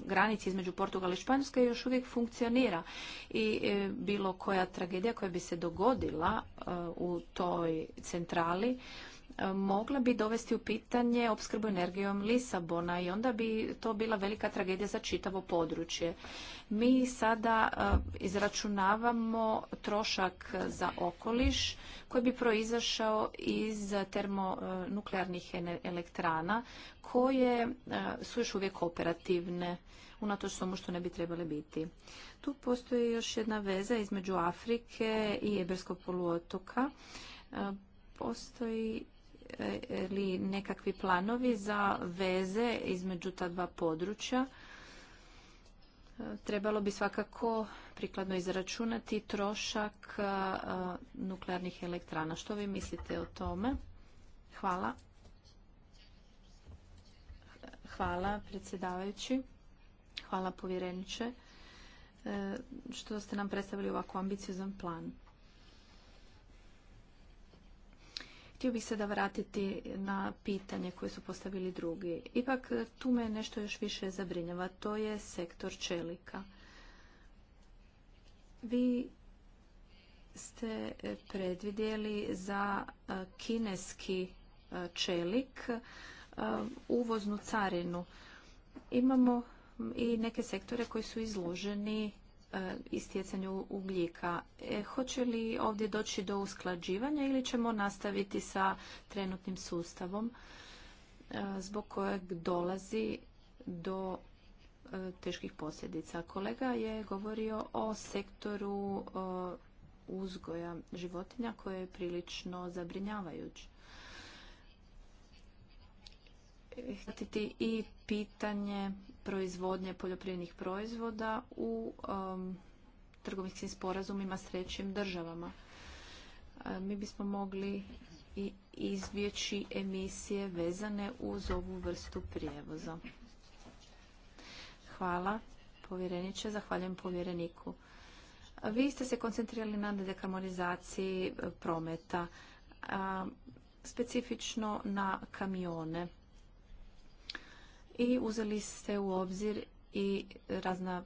granici između Portugala i Španjolske još uvijek funkcionira. I bilo koja tragedija koja bi se dogodila u u toj centrali e, mogla bi dovesti u pitanje opskrbu energijom Lisabona i onda bi to bila velika tragedija za čitavo područje. Mi sada e, izračunavamo trošak za okoliš koji bi proizašao iz termonuklearnih e, elektrana koje su još uvijek operativne unatoč tomu što ne bi trebali biti. Tu postoji još jedna veza između Afrike i Eberskog poluotoka. E, postoji e, li nekakvi planovi za veze između ta dva područja? E, trebalo bi svakako prikladno izračunati trošak nuklearnih elektrana. Što vi mislite o tome? Hvala. Hvala, predsjedavajući. Hvala povjereniče e, što ste nam predstavili ovako ambiciozan plan. Htio bih se da vratiti na pitanje koje su postavili drugi. Ipak tu me nešto još više zabrinjava. To je sektor čelika. Vi ste predvidjeli za e, kineski e, čelik uvoznu carinu. Imamo i neke sektore koji su izloženi e, istjecanju ugljika. E, hoće li ovdje doći do usklađivanja ili ćemo nastaviti sa trenutnim sustavom e, zbog kojeg dolazi do teških posljedica. Kolega je govorio o sektoru uzgoja životinja koje je prilično zabrinjavajući htjeti i pitanje proizvodnje poljoprivrednih proizvoda u um, trgovinskim sporazumima s trećim državama. E, mi bismo mogli i izbjeći emisije vezane uz ovu vrstu prijevoza. Hvala povjereniče, zahvaljujem povjereniku. Vi ste se koncentrirali na dekarmonizaciji e, prometa, specifično na kamione i uzeli ste u obzir i razna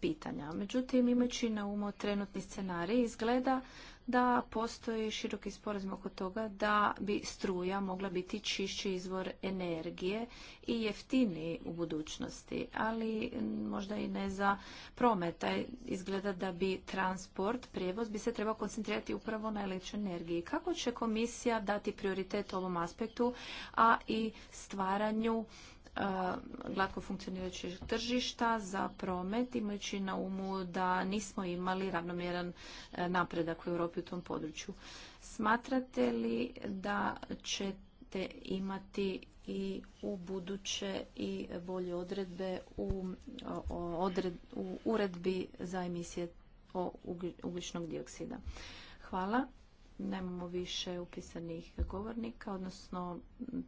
pitanja. Međutim, imajući na umu trenutni scenarij, izgleda da postoji široki sporazum oko toga da bi struja mogla biti čišći izvor energije i jeftiniji u budućnosti, ali možda i ne za prometa Izgleda da bi transport, prijevoz bi se trebao koncentrirati upravo na električnoj energiji. Kako će komisija dati prioritet ovom aspektu, a i stvaranju E, glatko funkcionirajućeg tržišta za promet, imajući na umu da nismo imali ravnomjeran e, napredak u Europi u tom području. Smatrate li da ćete imati i u buduće i bolje odredbe u, u uredbi za emisije ugljičnog dioksida? Hvala. Nemamo više upisanih govornika, odnosno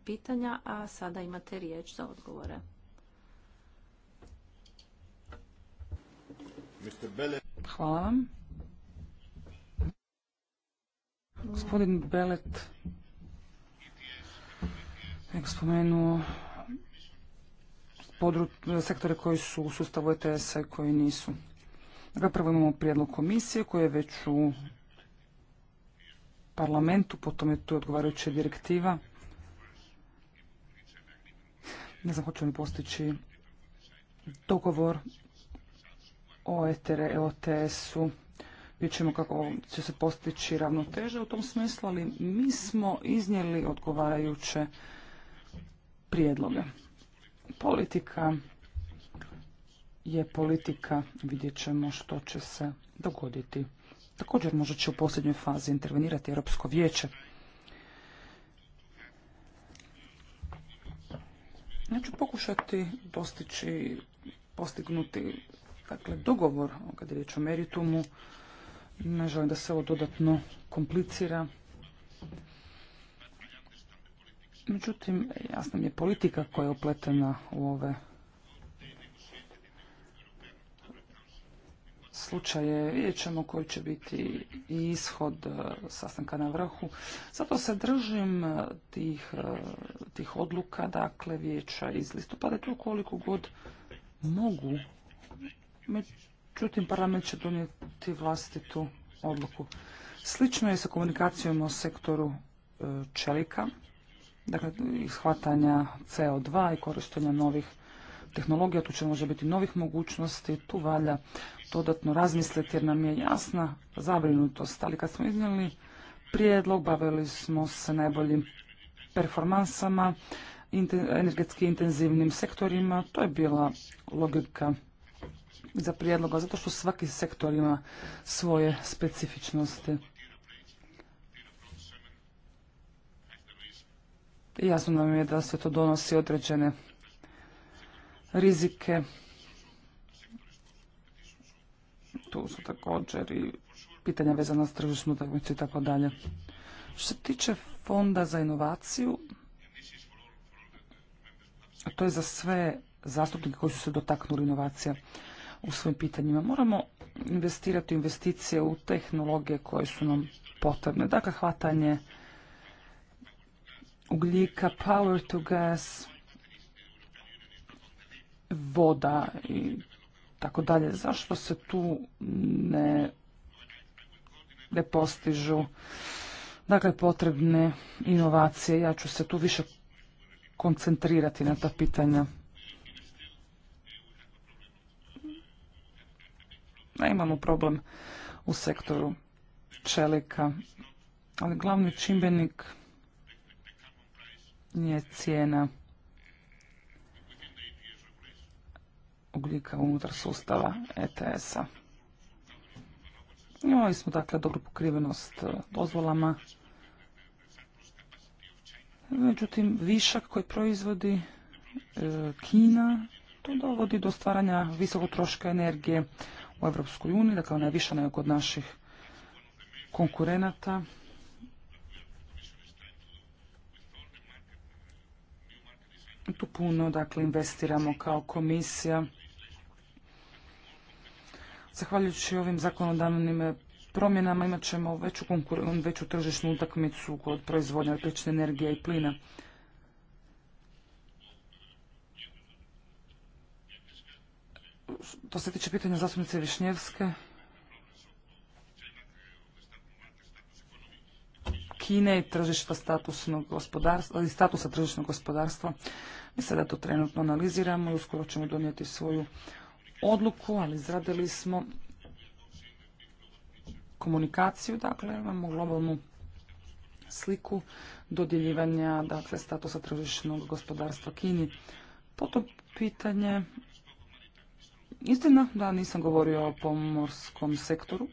pitanja, a sada imate riječ za odgovore. Hvala vam. Gospodin Belet je spomenuo sektore koji su u sustavu ETS-a i koji nisu. Dakle, prvo imamo prijedlog komisije koji je već u parlamentu, potom je tu odgovarajuća direktiva. Ne znam hoće li postići dogovor o eots e, e u Vidjet ćemo kako će se postići ravnoteža u tom smislu, ali mi smo iznijeli odgovarajuće prijedloge. Politika je politika, vidjet ćemo što će se dogoditi. Također možda će u posljednjoj fazi intervenirati Europsko vijeće. Ja ću pokušati dostići, postignuti dakle, dogovor kada je riječ o meritumu. Ne želim da se ovo dodatno komplicira. Međutim, jasna mi je politika koja je opletena u ove slučaje. Vidjet ćemo koji će biti i ishod e, sastanka na vrhu. Zato se držim e, tih, e, tih odluka, dakle, vijeća iz listopada, tu koliko god mogu. Međutim, parlament će donijeti vlastitu odluku. Slično je sa komunikacijom o sektoru čelika, dakle, ishvatanja CO2 i korištenja novih tehnologija, tu će možda biti novih mogućnosti, tu valja dodatno razmisliti jer nam je jasna zabrinutost, ali kad smo iznijeli prijedlog, bavili smo se najboljim performansama, energetski intenzivnim sektorima, to je bila logika za prijedloga, zato što svaki sektor ima svoje specifičnosti. Jasno nam je da se to donosi određene rizike, tu također i pitanja vezana s tržišnu takmicu i tako dalje. Što se tiče fonda za inovaciju, a to je za sve zastupnike koji su se dotaknuli inovacija u svojim pitanjima. Moramo investirati investicije u tehnologije koje su nam potrebne. Dakle, hvatanje ugljika, power to gas, voda i tako dalje. Zašto se tu ne, ne postižu dakle, potrebne inovacije? Ja ću se tu više koncentrirati na ta pitanja. Ne, imamo problem u sektoru čelika, ali glavni čimbenik nije cijena. ugljika unutar sustava ETS-a. Imali smo dakle dobru pokrivenost e, dozvolama. Međutim, višak koji proizvodi e, Kina, to dovodi do stvaranja visokog troška energije u Europskoj uniji, dakle ona je viša nego kod naših konkurenata. Tu puno, dakle, investiramo kao komisija Zahvaljujući ovim zakonodavnim eh, promjenama imat ćemo veću, veću tržišnu utakmicu kod proizvodnje električne energije i plina. To se tiče pitanja zastupnice Višnjevske, Kine i tržišta statusnog gospodarstva, ali statusa tržišnog gospodarstva. Mi sada to trenutno analiziramo i uskoro ćemo donijeti svoju odluku, ali izradili smo komunikaciju, dakle imamo globalnu sliku dodjeljivanja dakle, statusa tržišnog gospodarstva Kini. Potom pitanje, istina da nisam govorio o pomorskom sektoru,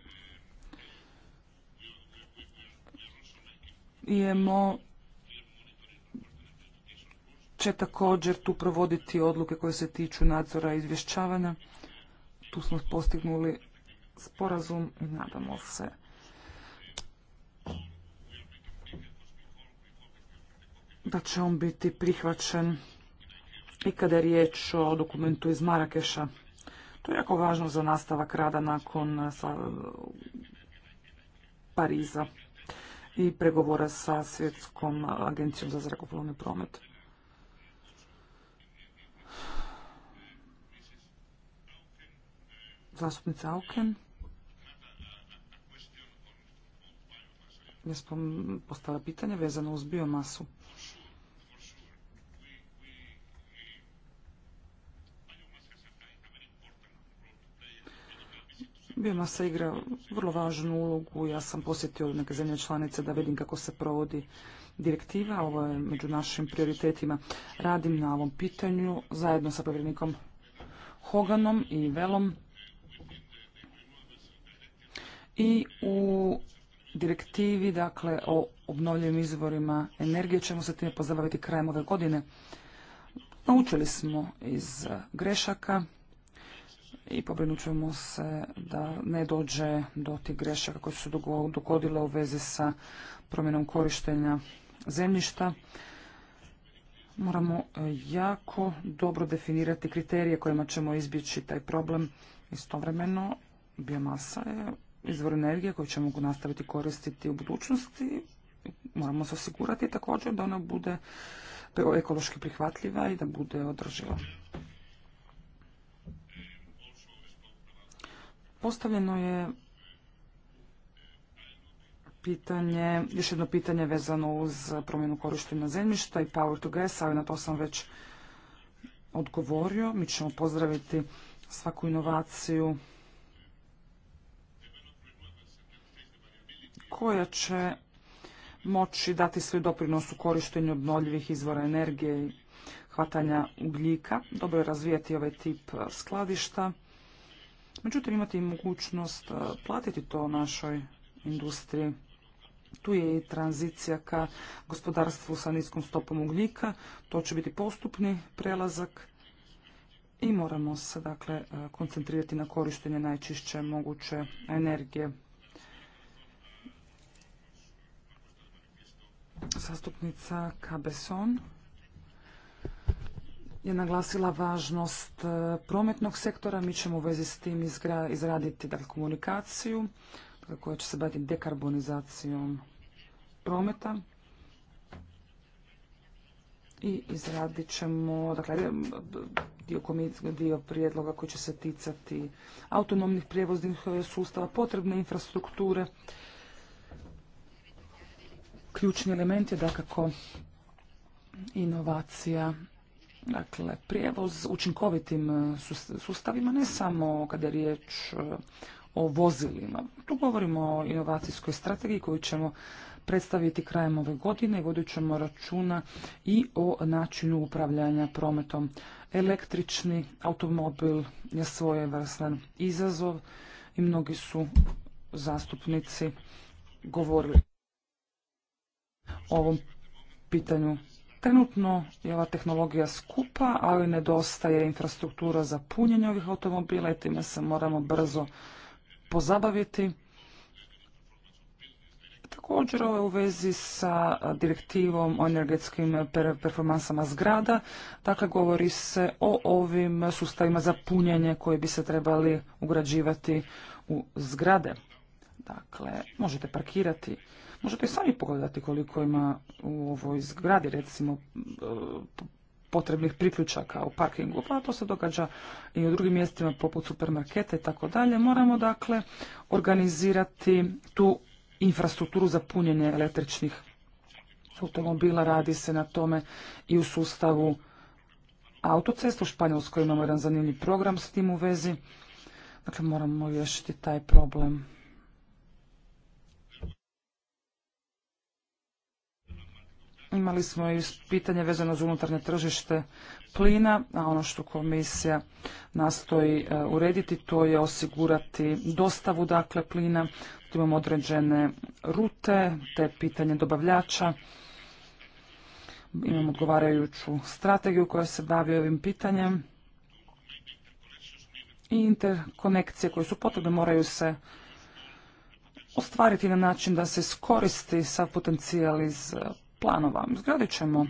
IMO će također tu provoditi odluke koje se tiču nadzora i izvješćavanja tu smo postignuli sporazum i nadamo se da će on biti prihvaćen i kada je riječ o dokumentu iz Marakeša. To je jako važno za nastavak rada nakon eh, Pariza i pregovora sa Svjetskom agencijom za zrakoplovni promet. Zastupnica Auken. Ja sam pitanje vezano uz biomasu. Biomasa igra vrlo važnu ulogu. Ja sam posjetio neke zemlje članice da vidim kako se provodi direktiva. Ovo je među našim prioritetima. Radim na ovom pitanju zajedno sa povjerenikom Hoganom i Velom i u direktivi dakle, o obnovljivim izvorima energije ćemo se time pozabaviti krajem ove godine. Naučili smo iz grešaka i pobrinut ćemo se da ne dođe do tih grešaka koje su se dogodile u vezi sa promjenom korištenja zemljišta. Moramo e, jako dobro definirati kriterije kojima ćemo izbjeći taj problem. Istovremeno biomasa je izvor energije koji ćemo nastaviti koristiti u budućnosti. Moramo se osigurati također da ona bude ekološki prihvatljiva i da bude održiva. Postavljeno je pitanje, još jedno pitanje vezano uz promjenu korištenja zemljišta i power to gas, ali na to sam već odgovorio. Mi ćemo pozdraviti svaku inovaciju koja će moći dati svoj doprinos u korištenju obnovljivih izvora energije i hvatanja ugljika. Dobro je razvijati ovaj tip e, skladišta. Međutim, imati mogućnost e, platiti to našoj industriji. Tu je i tranzicija ka gospodarstvu sa niskom stopom ugljika. To će biti postupni prelazak i moramo se dakle e, koncentrirati na korištenje najčišće moguće energije. Zastupnica Kabeson je naglasila važnost e, prometnog sektora. Mi ćemo u vezi s tim izraditi dakle, komunikaciju dakle, koja će se baviti dekarbonizacijom prometa i izradit ćemo dakle, dio prijedloga koji će se ticati autonomnih prijevoznih e, sustava, potrebne infrastrukture Ključni element je dakako inovacija, dakle prijevoz učinkovitim e, sustavima, ne samo kada je riječ e, o vozilima. Tu govorimo o inovacijskoj strategiji koju ćemo predstaviti krajem ove godine. Vodit ćemo računa i o načinu upravljanja prometom. Električni automobil je svojevrstan izazov i mnogi su zastupnici govorili ovom pitanju. Trenutno je ova tehnologija skupa, ali nedostaje infrastruktura za punjenje ovih automobila i time se moramo brzo pozabaviti. Također ovo je u vezi sa direktivom o energetskim performansama zgrada. Dakle, govori se o ovim sustavima za punjenje koje bi se trebali ugrađivati u zgrade. Dakle, možete parkirati Možete i sami pogledati koliko ima u ovoj zgradi, recimo, e, potrebnih priključaka u parkingu, pa to se događa i u drugim mjestima poput supermarketa i tako dalje. Moramo dakle organizirati tu infrastrukturu za punjenje električnih automobila. Radi se na tome i u sustavu autocesta u Španjolskoj imamo jedan zanimljiv program s tim u vezi. Dakle, moramo riješiti taj problem. Imali smo i pitanje vezano za unutarnje tržište plina, a ono što komisija nastoji e, urediti to je osigurati dostavu dakle plina. Imamo određene rute, te pitanje dobavljača. Imamo odgovarajuću strategiju koja se bavi ovim pitanjem. I interkonekcije koje su potrebne moraju se ostvariti na način da se skoristi sav potencijal iz planova. Zgradit ćemo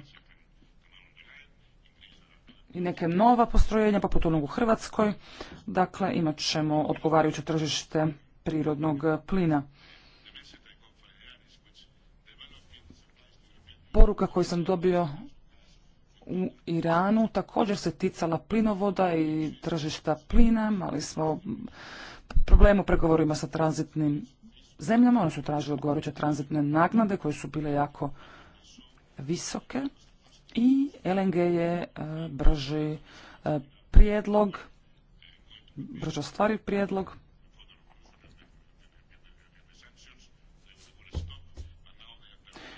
i neke nova postrojenja, poput onog u Hrvatskoj. Dakle, imat ćemo odgovarajuće tržište prirodnog plina. Poruka koju sam dobio u Iranu također se ticala plinovoda i tržišta plina, ali smo problem u pregovorima sa tranzitnim zemljama, oni su tražili odgovarajuće tranzitne naknade koje su bile jako visoke i LNG je e, brži e, prijedlog, brže stvari prijedlog.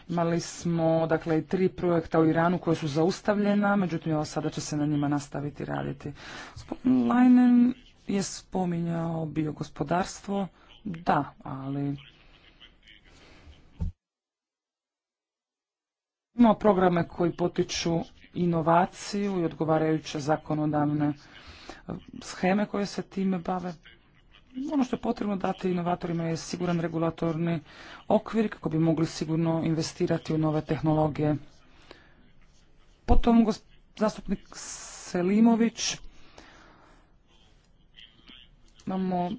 Imali smo dakle i tri projekta u Iranu koje su zaustavljena, međutim evo sada će se na njima nastaviti raditi. je spominjao gospodarstvo, da, ali Imamo programe koji potiču inovaciju i odgovarajuće zakonodavne e, scheme koje se time bave. Ono što je potrebno dati inovatorima je siguran regulatorni okvir kako bi mogli sigurno investirati u nove tehnologije. Potom zastupnik Selimović imamo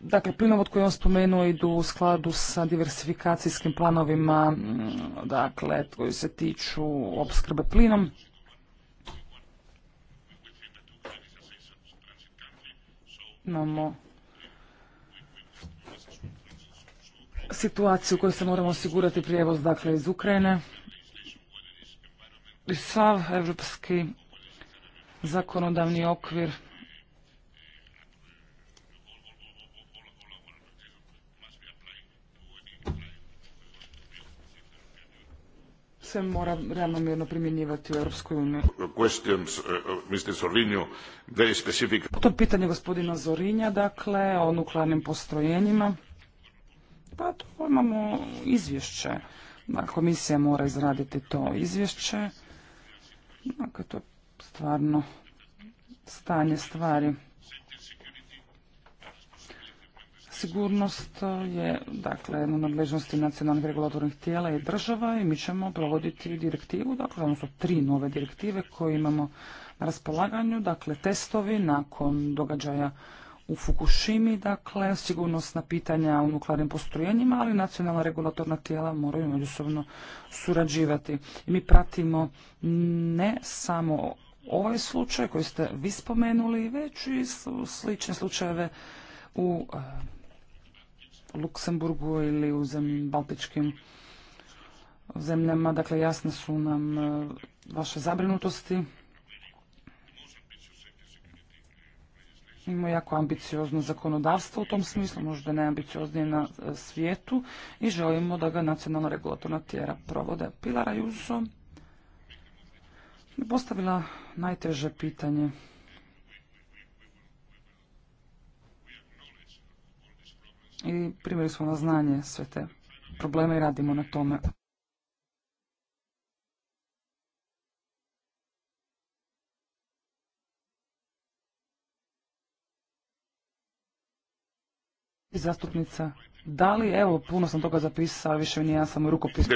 Dakle, plinovod koji je on spomenuo idu u skladu sa diversifikacijskim planovima, mm, dakle, koji se tiču opskrbe plinom. Imamo situaciju u kojoj se moramo osigurati prijevoz, dakle, iz Ukrajine. I sav evropski zakonodavni okvir se mora ravnomjerno primjenjivati u Europskoj uniji. Uh, uh, to pitanje gospodina Zorinja, dakle, o nuklearnim postrojenjima. Pa tu imamo izvješće. Komisija mora izraditi to izvješće. Dakle, to je stvarno stanje stvari. Sigurnost je dakle na nadležnosti nacionalnih regulatornih tijela i država i mi ćemo provoditi direktivu, dakle tri nove direktive koje imamo na raspolaganju, dakle testovi nakon događaja u Fukushimi, dakle na pitanja u nuklearnim postrojenjima, ali nacionalna regulatorna tijela moraju međusobno surađivati. I mi pratimo ne samo ovaj slučaj koji ste vi spomenuli, već i slične slučajeve u Luksemburgu ili u baltičkim zemljama. Dakle, jasne su nam e, vaše zabrinutosti. Imamo jako ambiciozno zakonodavstvo u tom smislu, možda neambicioznije na e, svijetu i želimo da ga nacionalna regulatorna tijera provode. Pilara Juso je postavila najteže pitanje. i primili smo na znanje sve te probleme i radimo na tome. Zastupnica da li, evo, puno sam toga zapisao, više nije ja sam rukopis.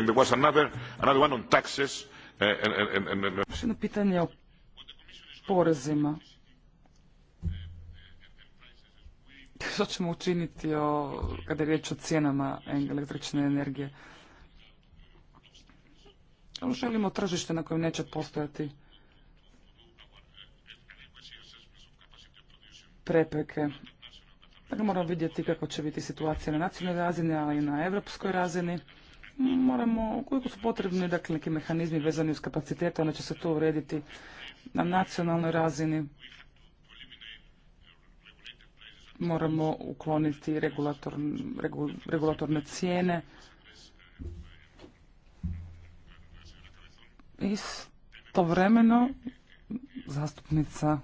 Još jedno pitanje o porezima. Što ćemo učiniti o, kada je riječ o cijenama električne energije? Želimo tržište na kojem neće postojati prepreke. Dakle, moramo vidjeti kako će biti situacija na nacionalnoj razini, ali i na europskoj razini. Moramo, ukoliko su potrebni dakle, neki mehanizmi vezani uz kapacitete, onda će se to urediti na nacionalnoj razini moramo ukloniti regulatorne cijene. Istovremeno zastupnica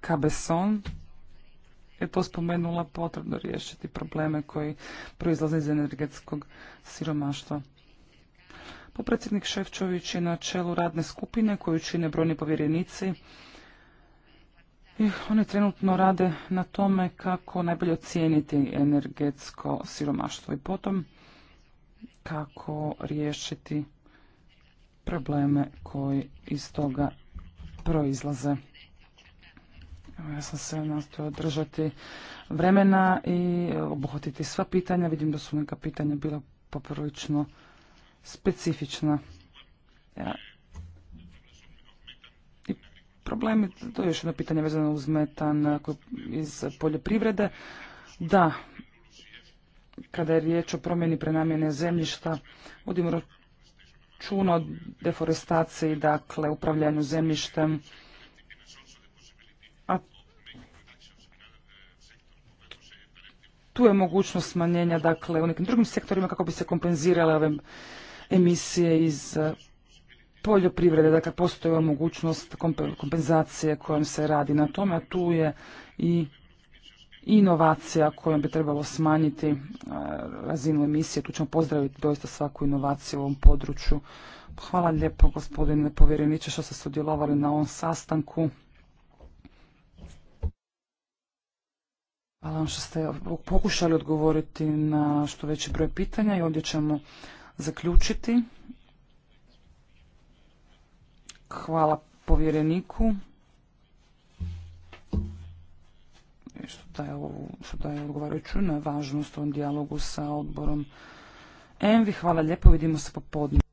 Kabeson je to spomenula potrebno riješiti probleme koji proizlaze iz energetskog siromaštva. Popredsjednik Ševčović je na čelu radne skupine koju čine brojni povjerenici i oni trenutno rade na tome kako najbolje ocijeniti energetsko siromaštvo i potom kako riješiti probleme koji iz toga proizlaze. Ja sam se nastojao držati vremena i obuhvatiti sva pitanja. Vidim da su neka pitanja bila poprilično specifična. Ja problemi, to je još jedno pitanje vezano uz metan eh, iz poljoprivrede. Da, kada je riječ o promjeni prenamjene zemljišta, vodimo računa o deforestaciji, dakle upravljanju zemljištem, a tu je mogućnost smanjenja dakle u nekim drugim sektorima kako bi se kompenzirale ove emisije iz eh, poljoprivrede, dakle postoji ova mogućnost kompenzacije kojom se radi na tome, a tu je i inovacija kojom bi trebalo smanjiti e, razinu emisije. Tu ćemo pozdraviti doista svaku inovaciju u ovom području. Hvala lijepo gospodine povjereniče što ste sudjelovali na ovom sastanku. Hvala vam što ste pokušali odgovoriti na što veći broj pitanja i ovdje ćemo zaključiti. Hvala povjereniku. Što da je na važnost ovom dijalogu sa odborom Envi. Hvala lijepo, vidimo se popodne.